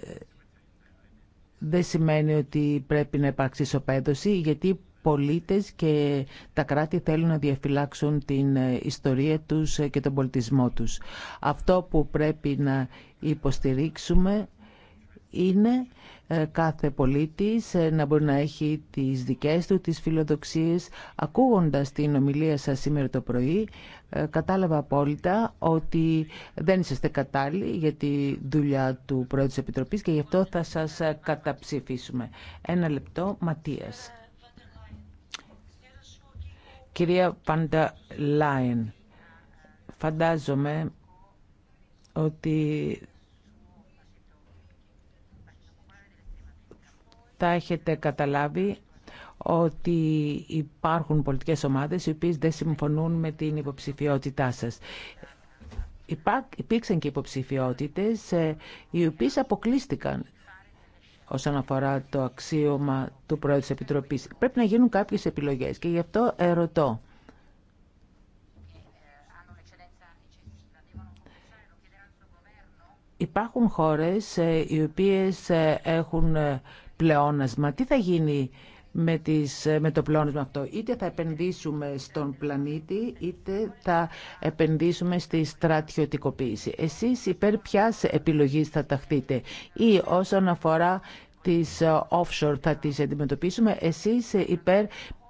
δεν σημαίνει ότι πρέπει να υπάρξει ισοπαίδωση, γιατί πολίτες και τα κράτη θέλουν να διαφυλάξουν την ε, ιστορία τους ε, και τον πολιτισμό τους. Αυτό που πρέπει να υποστηρίξουμε είναι κάθε πολίτης να μπορεί να έχει τις δικές του τις φιλοδοξίες ακούγοντας την ομιλία σας σήμερα το πρωί ε, κατάλαβα απόλυτα ότι δεν είσαστε κατάλληλοι για τη δουλειά του Πρόεδρου της Επιτροπής και γι' αυτό θα σας ε, καταψηφίσουμε. Ένα λεπτό, Ματίας. Κυρία Πάντα Λάιν, φαντάζομαι ότι θα έχετε καταλάβει ότι υπάρχουν πολιτικές ομάδες οι οποίες δεν συμφωνούν με την υποψηφιότητά σας. Υπήρξαν και υποψηφιότητες ε, οι οποίες αποκλείστηκαν όσον αφορά το αξίωμα του Πρόεδρου της Επιτροπής. Πρέπει να γίνουν κάποιες επιλογές και γι' αυτό ερωτώ. Υπάρχουν χώρες ε, οι οποίες ε, έχουν πλεόνασμα. Τι θα γίνει με, τις, με το πλώνισμα αυτό. Είτε θα επενδύσουμε στον πλανήτη, είτε θα επενδύσουμε στη στρατιωτικοποίηση. Εσείς υπέρ ποιας επιλογής θα ταχθείτε ή όσον αφορά τις offshore θα τις αντιμετωπίσουμε. Εσείς υπέρ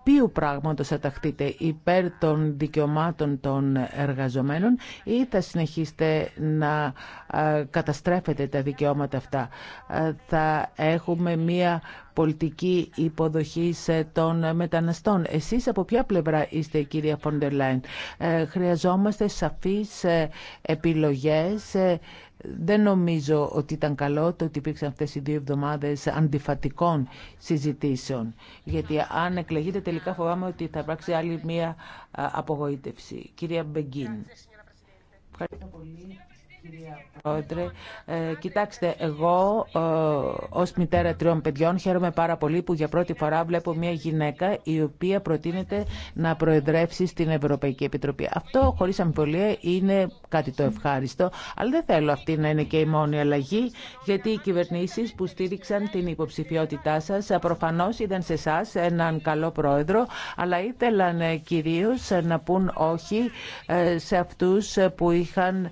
οποίου πράγματος θα ταχτείτε υπέρ των δικαιωμάτων των εργαζομένων ή θα συνεχίσετε να ε, καταστρέφετε τα δικαιώματα αυτά. Ε, θα έχουμε μία πολιτική υποδοχή των μεταναστών. Εσείς από ποια πλευρά είστε, κυρία Φοντερ Λάιν. Ε, χρειαζόμαστε σαφείς επιλογές δεν νομίζω ότι ήταν καλό το ότι υπήρξαν αυτές οι δύο εβδομάδες αντιφατικών συζητήσεων. Γιατί αν εκλεγείτε τελικά φοβάμαι ότι θα υπάρξει άλλη μία απογοήτευση. Κυρία Μπεγκίν. Ευχαριστώ πολύ. Κυρία Πρόεδρε, ε, κοιτάξτε, εγώ ε, ω μητέρα τριών παιδιών χαίρομαι πάρα πολύ που για πρώτη φορά βλέπω μια γυναίκα η οποία προτείνεται να προεδρεύσει στην Ευρωπαϊκή Επιτροπή. Αυτό χωρίς αμφιβολία είναι κάτι το ευχάριστο, αλλά δεν θέλω αυτή να είναι και η μόνη αλλαγή, γιατί οι κυβερνήσεις που στήριξαν την υποψηφιότητά σα ε, προφανώ είδαν σε εσά έναν καλό πρόεδρο, αλλά ήθελαν ε, κυρίω να πούν όχι σε αυτού που είχαν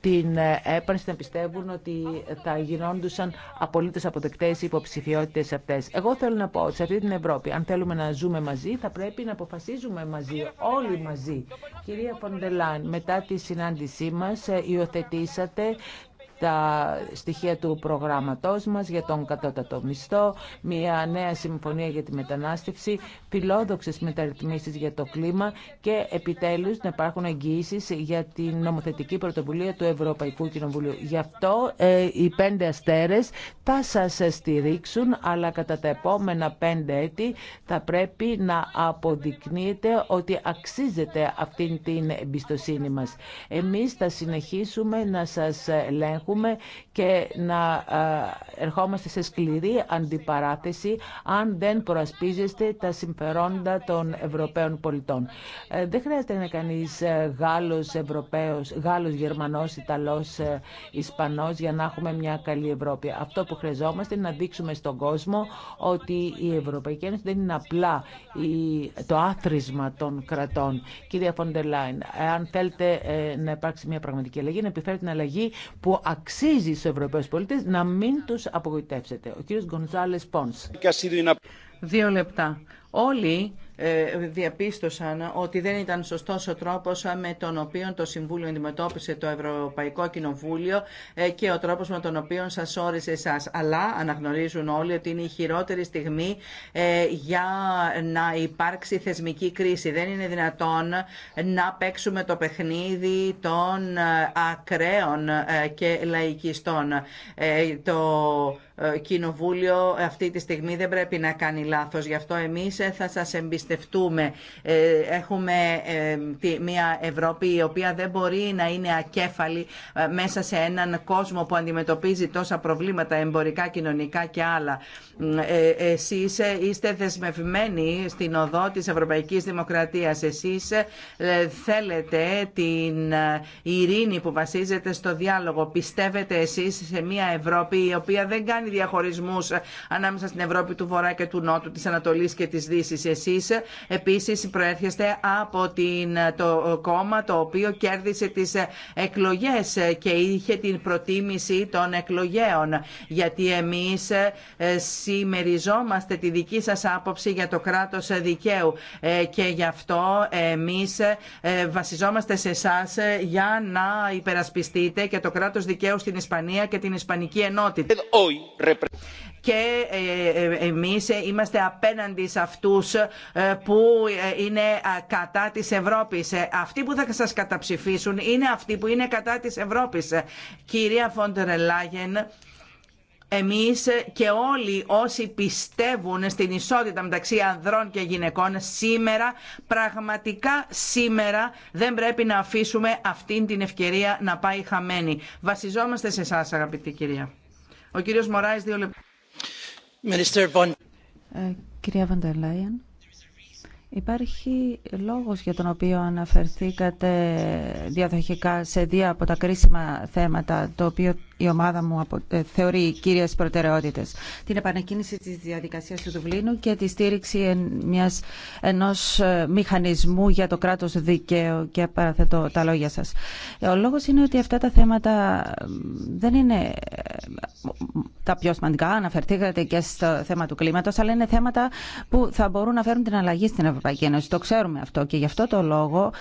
την έπαρση να πιστεύουν ότι θα γινόντουσαν απολύτω αποδεκτέ οι υποψηφιότητε αυτέ. Εγώ θέλω να πω ότι σε αυτή την Ευρώπη, αν θέλουμε να ζούμε μαζί, θα πρέπει να αποφασίζουμε μαζί, όλοι μαζί. Κυρία Φοντελάν, μετά τη συνάντησή μα, ε, υιοθετήσατε τα στοιχεία του προγράμματός μας για τον κατώτατο μισθό, μια νέα συμφωνία για τη μετανάστευση, φιλόδοξες μεταρρυθμίσεις για το κλίμα και επιτέλους να υπάρχουν εγγυήσεις για την νομοθετική πρωτοβουλία του Ευρωπαϊκού Κοινοβουλίου. Γι' αυτό ε, οι πέντε αστέρες θα σας στηρίξουν, αλλά κατά τα επόμενα πέντε έτη θα πρέπει να αποδεικνύετε ότι αξίζεται αυτήν την εμπιστοσύνη μας. Εμείς θα συνεχίσουμε να σας ελέγχουμε και να ε, ερχόμαστε σε σκληρή αντιπαράθεση αν δεν προασπίζεστε τα συμφερόντα των Ευρωπαίων πολιτών. Ε, δεν χρειάζεται να είναι κανείς ε, Γάλλος, Ευρωπαίος, Γάλλος, Γερμανός, Ιταλός, Ισπανός για να έχουμε μια καλή Ευρώπη. Αυτό που χρειαζόμαστε είναι να δείξουμε στον κόσμο ότι η Ευρωπαϊκή Ένωση δεν είναι απλά το άθροισμα των κρατών. Κυρία Φοντελάιν, αν θέλετε να υπάρξει μια πραγματική αλλαγή, να επιφέρει την αλλαγή που αξίζει στους Ευρωπαίους πολίτες να μην τους απογοητεύσετε. Ο κύριος Γκονζάλες Πόνς. Δύο λεπτά. Όλοι ε, διαπίστωσαν ότι δεν ήταν σωστός ο τρόπος με τον οποίο το Συμβούλιο αντιμετώπισε το Ευρωπαϊκό Κοινοβούλιο ε, και ο τρόπος με τον οποίο σας όρισε εσάς. Αλλά αναγνωρίζουν όλοι ότι είναι η χειρότερη στιγμή ε, για να υπάρξει θεσμική κρίση. Δεν είναι δυνατόν να παίξουμε το παιχνίδι των ακραίων και λαϊκιστών. Το Κοινοβούλιο αυτή τη στιγμή δεν πρέπει να κάνει λάθος. Γι' αυτό εμείς θα σας εμπιστεύουμε εμπιστευτούμε. Ε, έχουμε ε, μια Ευρώπη η οποία δεν μπορεί να είναι ακέφαλη ε, μέσα σε έναν κόσμο που αντιμετωπίζει τόσα προβλήματα εμπορικά, κοινωνικά και άλλα. Εσείς είστε δεσμευμένοι στην οδό της Ευρωπαϊκής Δημοκρατίας. Εσείς θέλετε την ειρήνη που βασίζεται στο διάλογο. Πιστεύετε εσείς σε μια Ευρώπη η οποία δεν κάνει διαχωρισμούς ανάμεσα στην Ευρώπη του Βορρά και του Νότου, της Ανατολής και της Δύσης. Εσείς επίσης προέρχεστε από την, το κόμμα το οποίο κέρδισε τις εκλογές και είχε την προτίμηση των εκλογέων. Γιατί εμείς ε, συμμεριζόμαστε τη δική σας άποψη για το κράτος δικαίου ε, και γι' αυτό εμείς ε, βασιζόμαστε σε εσά για να υπερασπιστείτε και το κράτος δικαίου στην Ισπανία και την Ισπανική Ενότητα και ε, ε, εμείς είμαστε απέναντι σε αυτούς ε, που είναι κατά της Ευρώπης. Αυτοί που θα σας καταψηφίσουν είναι αυτοί που είναι κατά της Ευρώπης. Κυρία Φόντερ Λάγεν, εμείς και όλοι όσοι πιστεύουν στην ισότητα μεταξύ ανδρών και γυναικών σήμερα, πραγματικά σήμερα δεν πρέπει να αφήσουμε αυτήν την ευκαιρία να πάει χαμένη. Βασιζόμαστε σε εσά, αγαπητή κυρία. Ο κύριος Μωράης, δύο ε, κυρία κυρία Βαντελάιεν, υπάρχει λόγος για τον οποίο αναφερθήκατε διαδοχικά σε δύο από τα κρίσιμα θέματα, το οποίο η ομάδα μου ε, θεωρεί κύριε προτεραιότητε. Την επανεκκίνηση τη διαδικασία του Δουβλίνου και τη στήριξη ενό ενός ε, μηχανισμού για το κράτο δικαίου και παραθέτω τα λόγια σα. Ε, ο λόγο είναι ότι αυτά τα θέματα δεν είναι τα πιο σημαντικά. Αναφερθήκατε και στο θέμα του κλίματο, αλλά είναι θέματα που θα μπορούν να φέρουν την αλλαγή στην Ευρωπαϊκή Ένωση. Το ξέρουμε αυτό και γι' αυτό το λόγο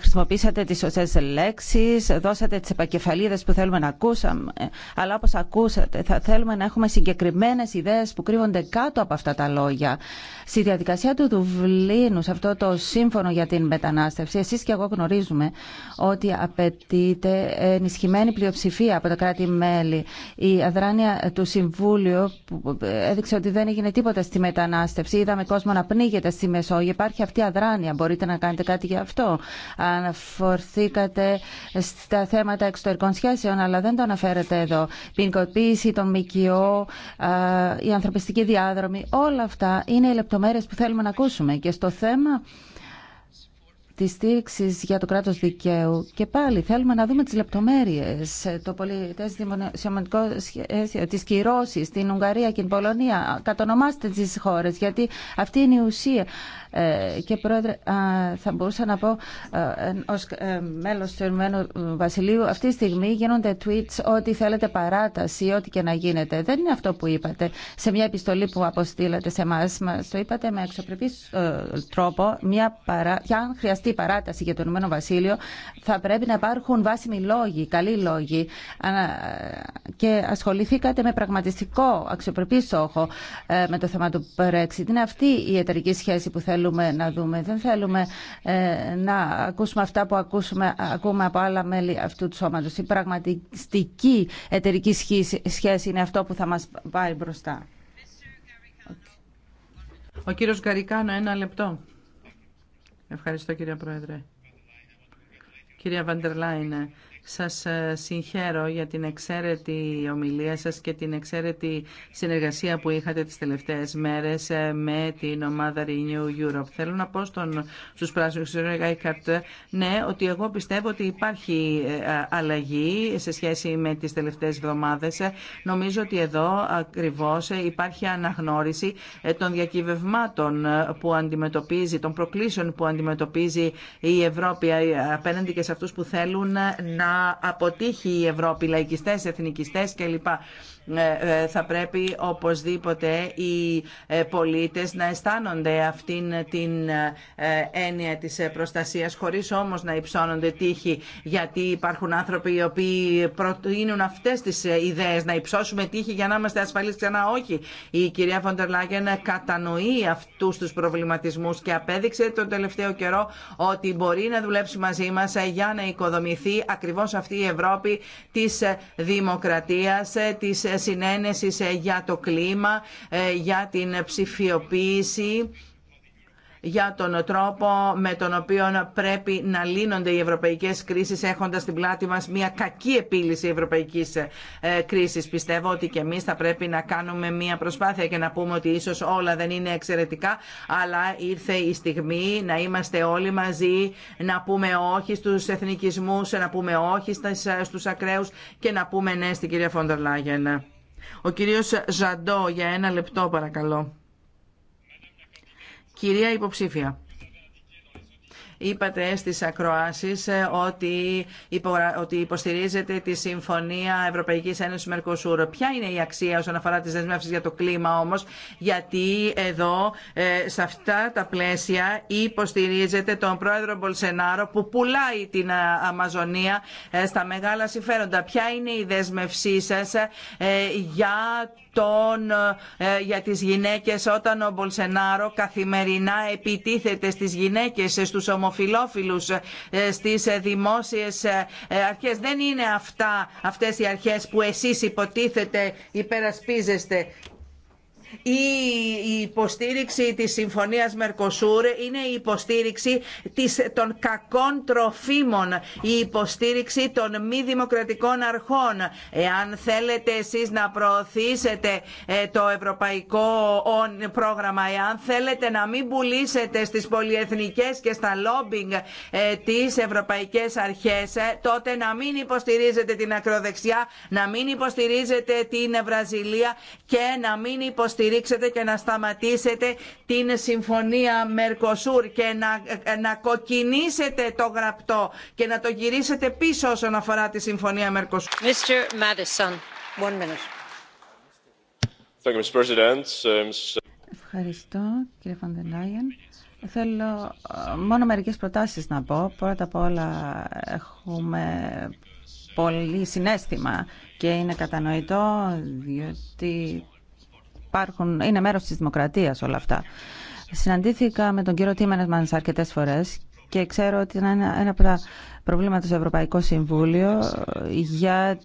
χρησιμοποίησατε τι σωστέ λέξει, δώσατε τι επακεφαλίδε που θέλουμε να ακούσαμε, ε, αλλά όπως ακούσατε θα θέλουμε να έχουμε συγκεκριμένες ιδέες που κρύβονται κάτω από αυτά τα λόγια. Στη διαδικασία του Δουβλίνου, σε αυτό το σύμφωνο για την μετανάστευση, εσείς και εγώ γνωρίζουμε ότι απαιτείται ενισχυμένη πλειοψηφία από τα κράτη-μέλη. Η αδράνεια του Συμβούλιο ε, έδειξε ότι δεν έγινε τίποτα στη μετανάστευση. Είδαμε κόσμο να πνίγεται στη Μεσόγειο. Υπάρχει αυτή η αδράνεια. Μπορείτε να κάνετε κάτι γι' αυτό. Αναφορθήκατε στα θέματα εξωτερικών σχέσεων, αλλά δεν το αναφέρετε εδώ. ποινικοποίηση τον ΜΚΟ, ε, η ανθρωπιστική διάδρομη, όλα αυτά είναι οι λεπτομέρειε που θέλουμε να ακούσουμε. Και στο θέμα τη στήριξη για το κράτο δικαίου. Και πάλι θέλουμε να δούμε τι λεπτομέρειε, το πολιτέ σχέδιο, τι κυρώσει στην Ουγγαρία και την Πολωνία. Κατονομάστε τι χώρε, γιατί αυτή είναι η ουσία. Ε, και πρόεδρε, θα μπορούσα να πω ε, ω ε, μέλο του Ηνωμένου Βασιλείου, αυτή τη στιγμή γίνονται tweets ότι θέλετε παράταση, ό,τι και να γίνεται. Δεν είναι αυτό που είπατε. Σε μια επιστολή που αποστήλατε σε εμά, μα. το είπατε με εξωπρεπή τρόπο, μια παρά... αν χρειαστεί η παράταση για το Ηνωμένο Βασίλειο θα πρέπει να υπάρχουν βάσιμοι λόγοι, καλοί λόγοι και ασχοληθήκατε με πραγματιστικό αξιοπρεπή στόχο ε, με το θέμα του Brexit. Είναι αυτή η εταιρική σχέση που θέλουμε να δούμε. Δεν θέλουμε ε, να ακούσουμε αυτά που ακούσουμε, ακούμε από άλλα μέλη αυτού του σώματος. Η πραγματιστική εταιρική σχέση είναι αυτό που θα μας πάει μπροστά. Ο κύριος Γκαρικάνο, ένα λεπτό. Ευχαριστώ κυρία Πρόεδρε. Κυρία Βαντερλάινε, σας ε, συγχαίρω για την εξαίρετη ομιλία σας και την εξαίρετη συνεργασία που είχατε τις τελευταίες μέρες ε, με την ομάδα Renew Europe. Θέλω να πω στον, στους πράσινους ναι, ότι εγώ πιστεύω ότι υπάρχει ε, αλλαγή σε σχέση με τις τελευταίες εβδομάδες. Νομίζω ότι εδώ ακριβώς υπάρχει αναγνώριση των διακυβευμάτων που αντιμετωπίζει, των προκλήσεων που αντιμετωπίζει η Ευρώπη απέναντι και σε αυτούς που θέλουν να αποτύχει η Ευρώπη, λαϊκιστές, εθνικιστές κλπ. Ναι, ε, θα πρέπει οπωσδήποτε οι ε, πολίτες να αισθάνονται αυτήν την ε, έννοια της προστασίας χωρίς όμως να υψώνονται τύχη γιατί υπάρχουν άνθρωποι οι οποίοι προτείνουν αυτές τις ιδέες να υψώσουμε τύχη για να είμαστε ασφαλείς ξανά όχι. Η κυρία Φοντερ κατανοεί αυτούς τους προβληματισμούς και απέδειξε τον τελευταίο καιρό ότι μπορεί να δουλέψει μαζί μας για να οικοδομηθεί ακριβώς αυτή η Ευρώπη της δημοκρατίας, της συνένεσης ε, για το κλίμα, ε, για την ψηφιοποίηση για τον τρόπο με τον οποίο πρέπει να λύνονται οι ευρωπαϊκές κρίσεις έχοντας στην πλάτη μας μια κακή επίλυση ευρωπαϊκής ε, κρίσης. Πιστεύω ότι και εμείς θα πρέπει να κάνουμε μια προσπάθεια και να πούμε ότι ίσως όλα δεν είναι εξαιρετικά αλλά ήρθε η στιγμή να είμαστε όλοι μαζί, να πούμε όχι στους εθνικισμούς, να πούμε όχι ε, στους ακραίους και να πούμε ναι στην κυρία Φόντερ Ο κύριος Ζαντό για ένα λεπτό παρακαλώ. Κυρία υποψήφια. Είπατε στις ακροάσεις ε, ότι, ότι υποστηρίζετε τη Συμφωνία Ευρωπαϊκής Ένωσης Μερκοσούρ. Ποια είναι η αξία όσον αφορά τις δεσμεύσεις για το κλίμα όμως, γιατί εδώ ε, σε αυτά τα πλαίσια υποστηρίζετε τον πρόεδρο Μπολσενάρο που πουλάει την ε, Αμαζονία στα μεγάλα συμφέροντα. Ποια είναι η δέσμευσή σας για ε, για τις γυναίκες όταν ο Μπολσενάρο καθημερινά επιτίθεται στις γυναίκες, ε, στους ομοφιλόφιλους, ε, στις δημόσιες αρχές. Δεν είναι αυτά, αυτές οι αρχές που εσείς υποτίθεται υπερασπίζεστε η υποστήριξη της Συμφωνίας Μερκοσούρ είναι η υποστήριξη της, των κακών τροφίμων, η υποστήριξη των μη δημοκρατικών αρχών. Εάν θέλετε εσείς να προωθήσετε ε, το ευρωπαϊκό πρόγραμμα, εάν θέλετε να μην πουλήσετε στις πολυεθνικές και στα λόμπινγκ ε, τις ευρωπαϊκές αρχές, ε, τότε να μην υποστηρίζετε την ακροδεξιά, να μην υποστηρίζετε την Βραζιλία και να μην υποστηρίζετε υποστηρίξετε και να σταματήσετε την συμφωνία Μερκοσούρ και να, να κοκκινήσετε το γραπτό και να το γυρίσετε πίσω όσον αφορά τη συμφωνία Μερκοσούρ. Mr. Madison, one minute. Uh, Ευχαριστώ, κύριε Φαντελάγεν. Θέλω ε, μόνο μερικές προτάσεις να πω. Πρώτα απ' όλα έχουμε πολύ συνέστημα και είναι κατανοητό διότι υπάρχουν, είναι μέρος της δημοκρατίας όλα αυτά. Συναντήθηκα με τον κύριο Τίμενες αρκετές φορές και ξέρω ότι είναι ένα από τα προβλήματα στο Ευρωπαϊκό Συμβούλιο ε, για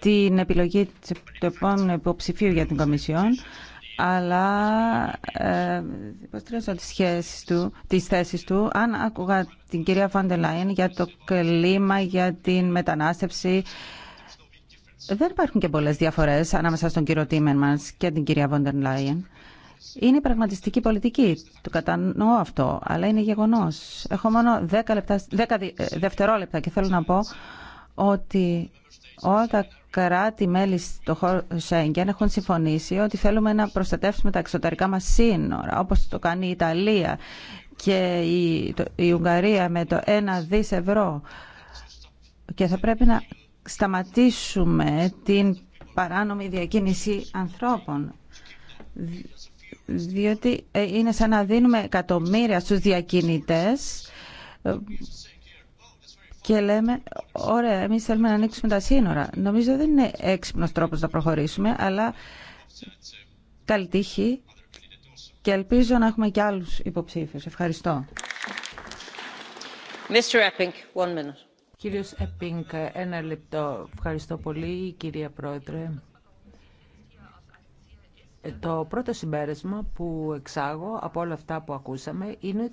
την επιλογή του επόμενου υποψηφίου για την Κομισιόν αλλά ε, τι τις σχέσεις του, τις θέσεις του. Αν άκουγα την κυρία Φαντελάιν για το κλίμα, για την μετανάστευση, δεν υπάρχουν και πολλές διαφορές ανάμεσα στον κύριο Τίμερμανς και την κυρία Βόντερ Λάιεν. Είναι πραγματιστική πολιτική. Το κατανοώ αυτό, αλλά είναι γεγονός. Έχω μόνο 10, λεπτά, 10 ε, δευτερόλεπτα και θέλω να πω ότι όλα τα κράτη-μέλη στο χώρο Σέγγεν έχουν συμφωνήσει ότι θέλουμε να προστατεύσουμε τα εξωτερικά μας σύνορα, όπως το κάνει η Ιταλία και η, το, η Ουγγαρία με το 1 δις ευρώ. Και θα πρέπει να σταματήσουμε την παράνομη διακίνηση ανθρώπων διότι ε, είναι σαν να δίνουμε εκατομμύρια στους διακινητές ε, και λέμε, ωραία, εμείς θέλουμε να ανοίξουμε τα σύνορα. Νομίζω δεν είναι έξυπνος τρόπος να προχωρήσουμε, αλλά καλή τύχη και ελπίζω να έχουμε και άλλους υποψήφιους. Ευχαριστώ. Mr. minute. Κύριος Επίνκ, ένα λεπτό. Ευχαριστώ πολύ, κυρία Πρόεδρε. Το πρώτο συμπέρασμα που εξάγω από όλα αυτά που ακούσαμε είναι ότι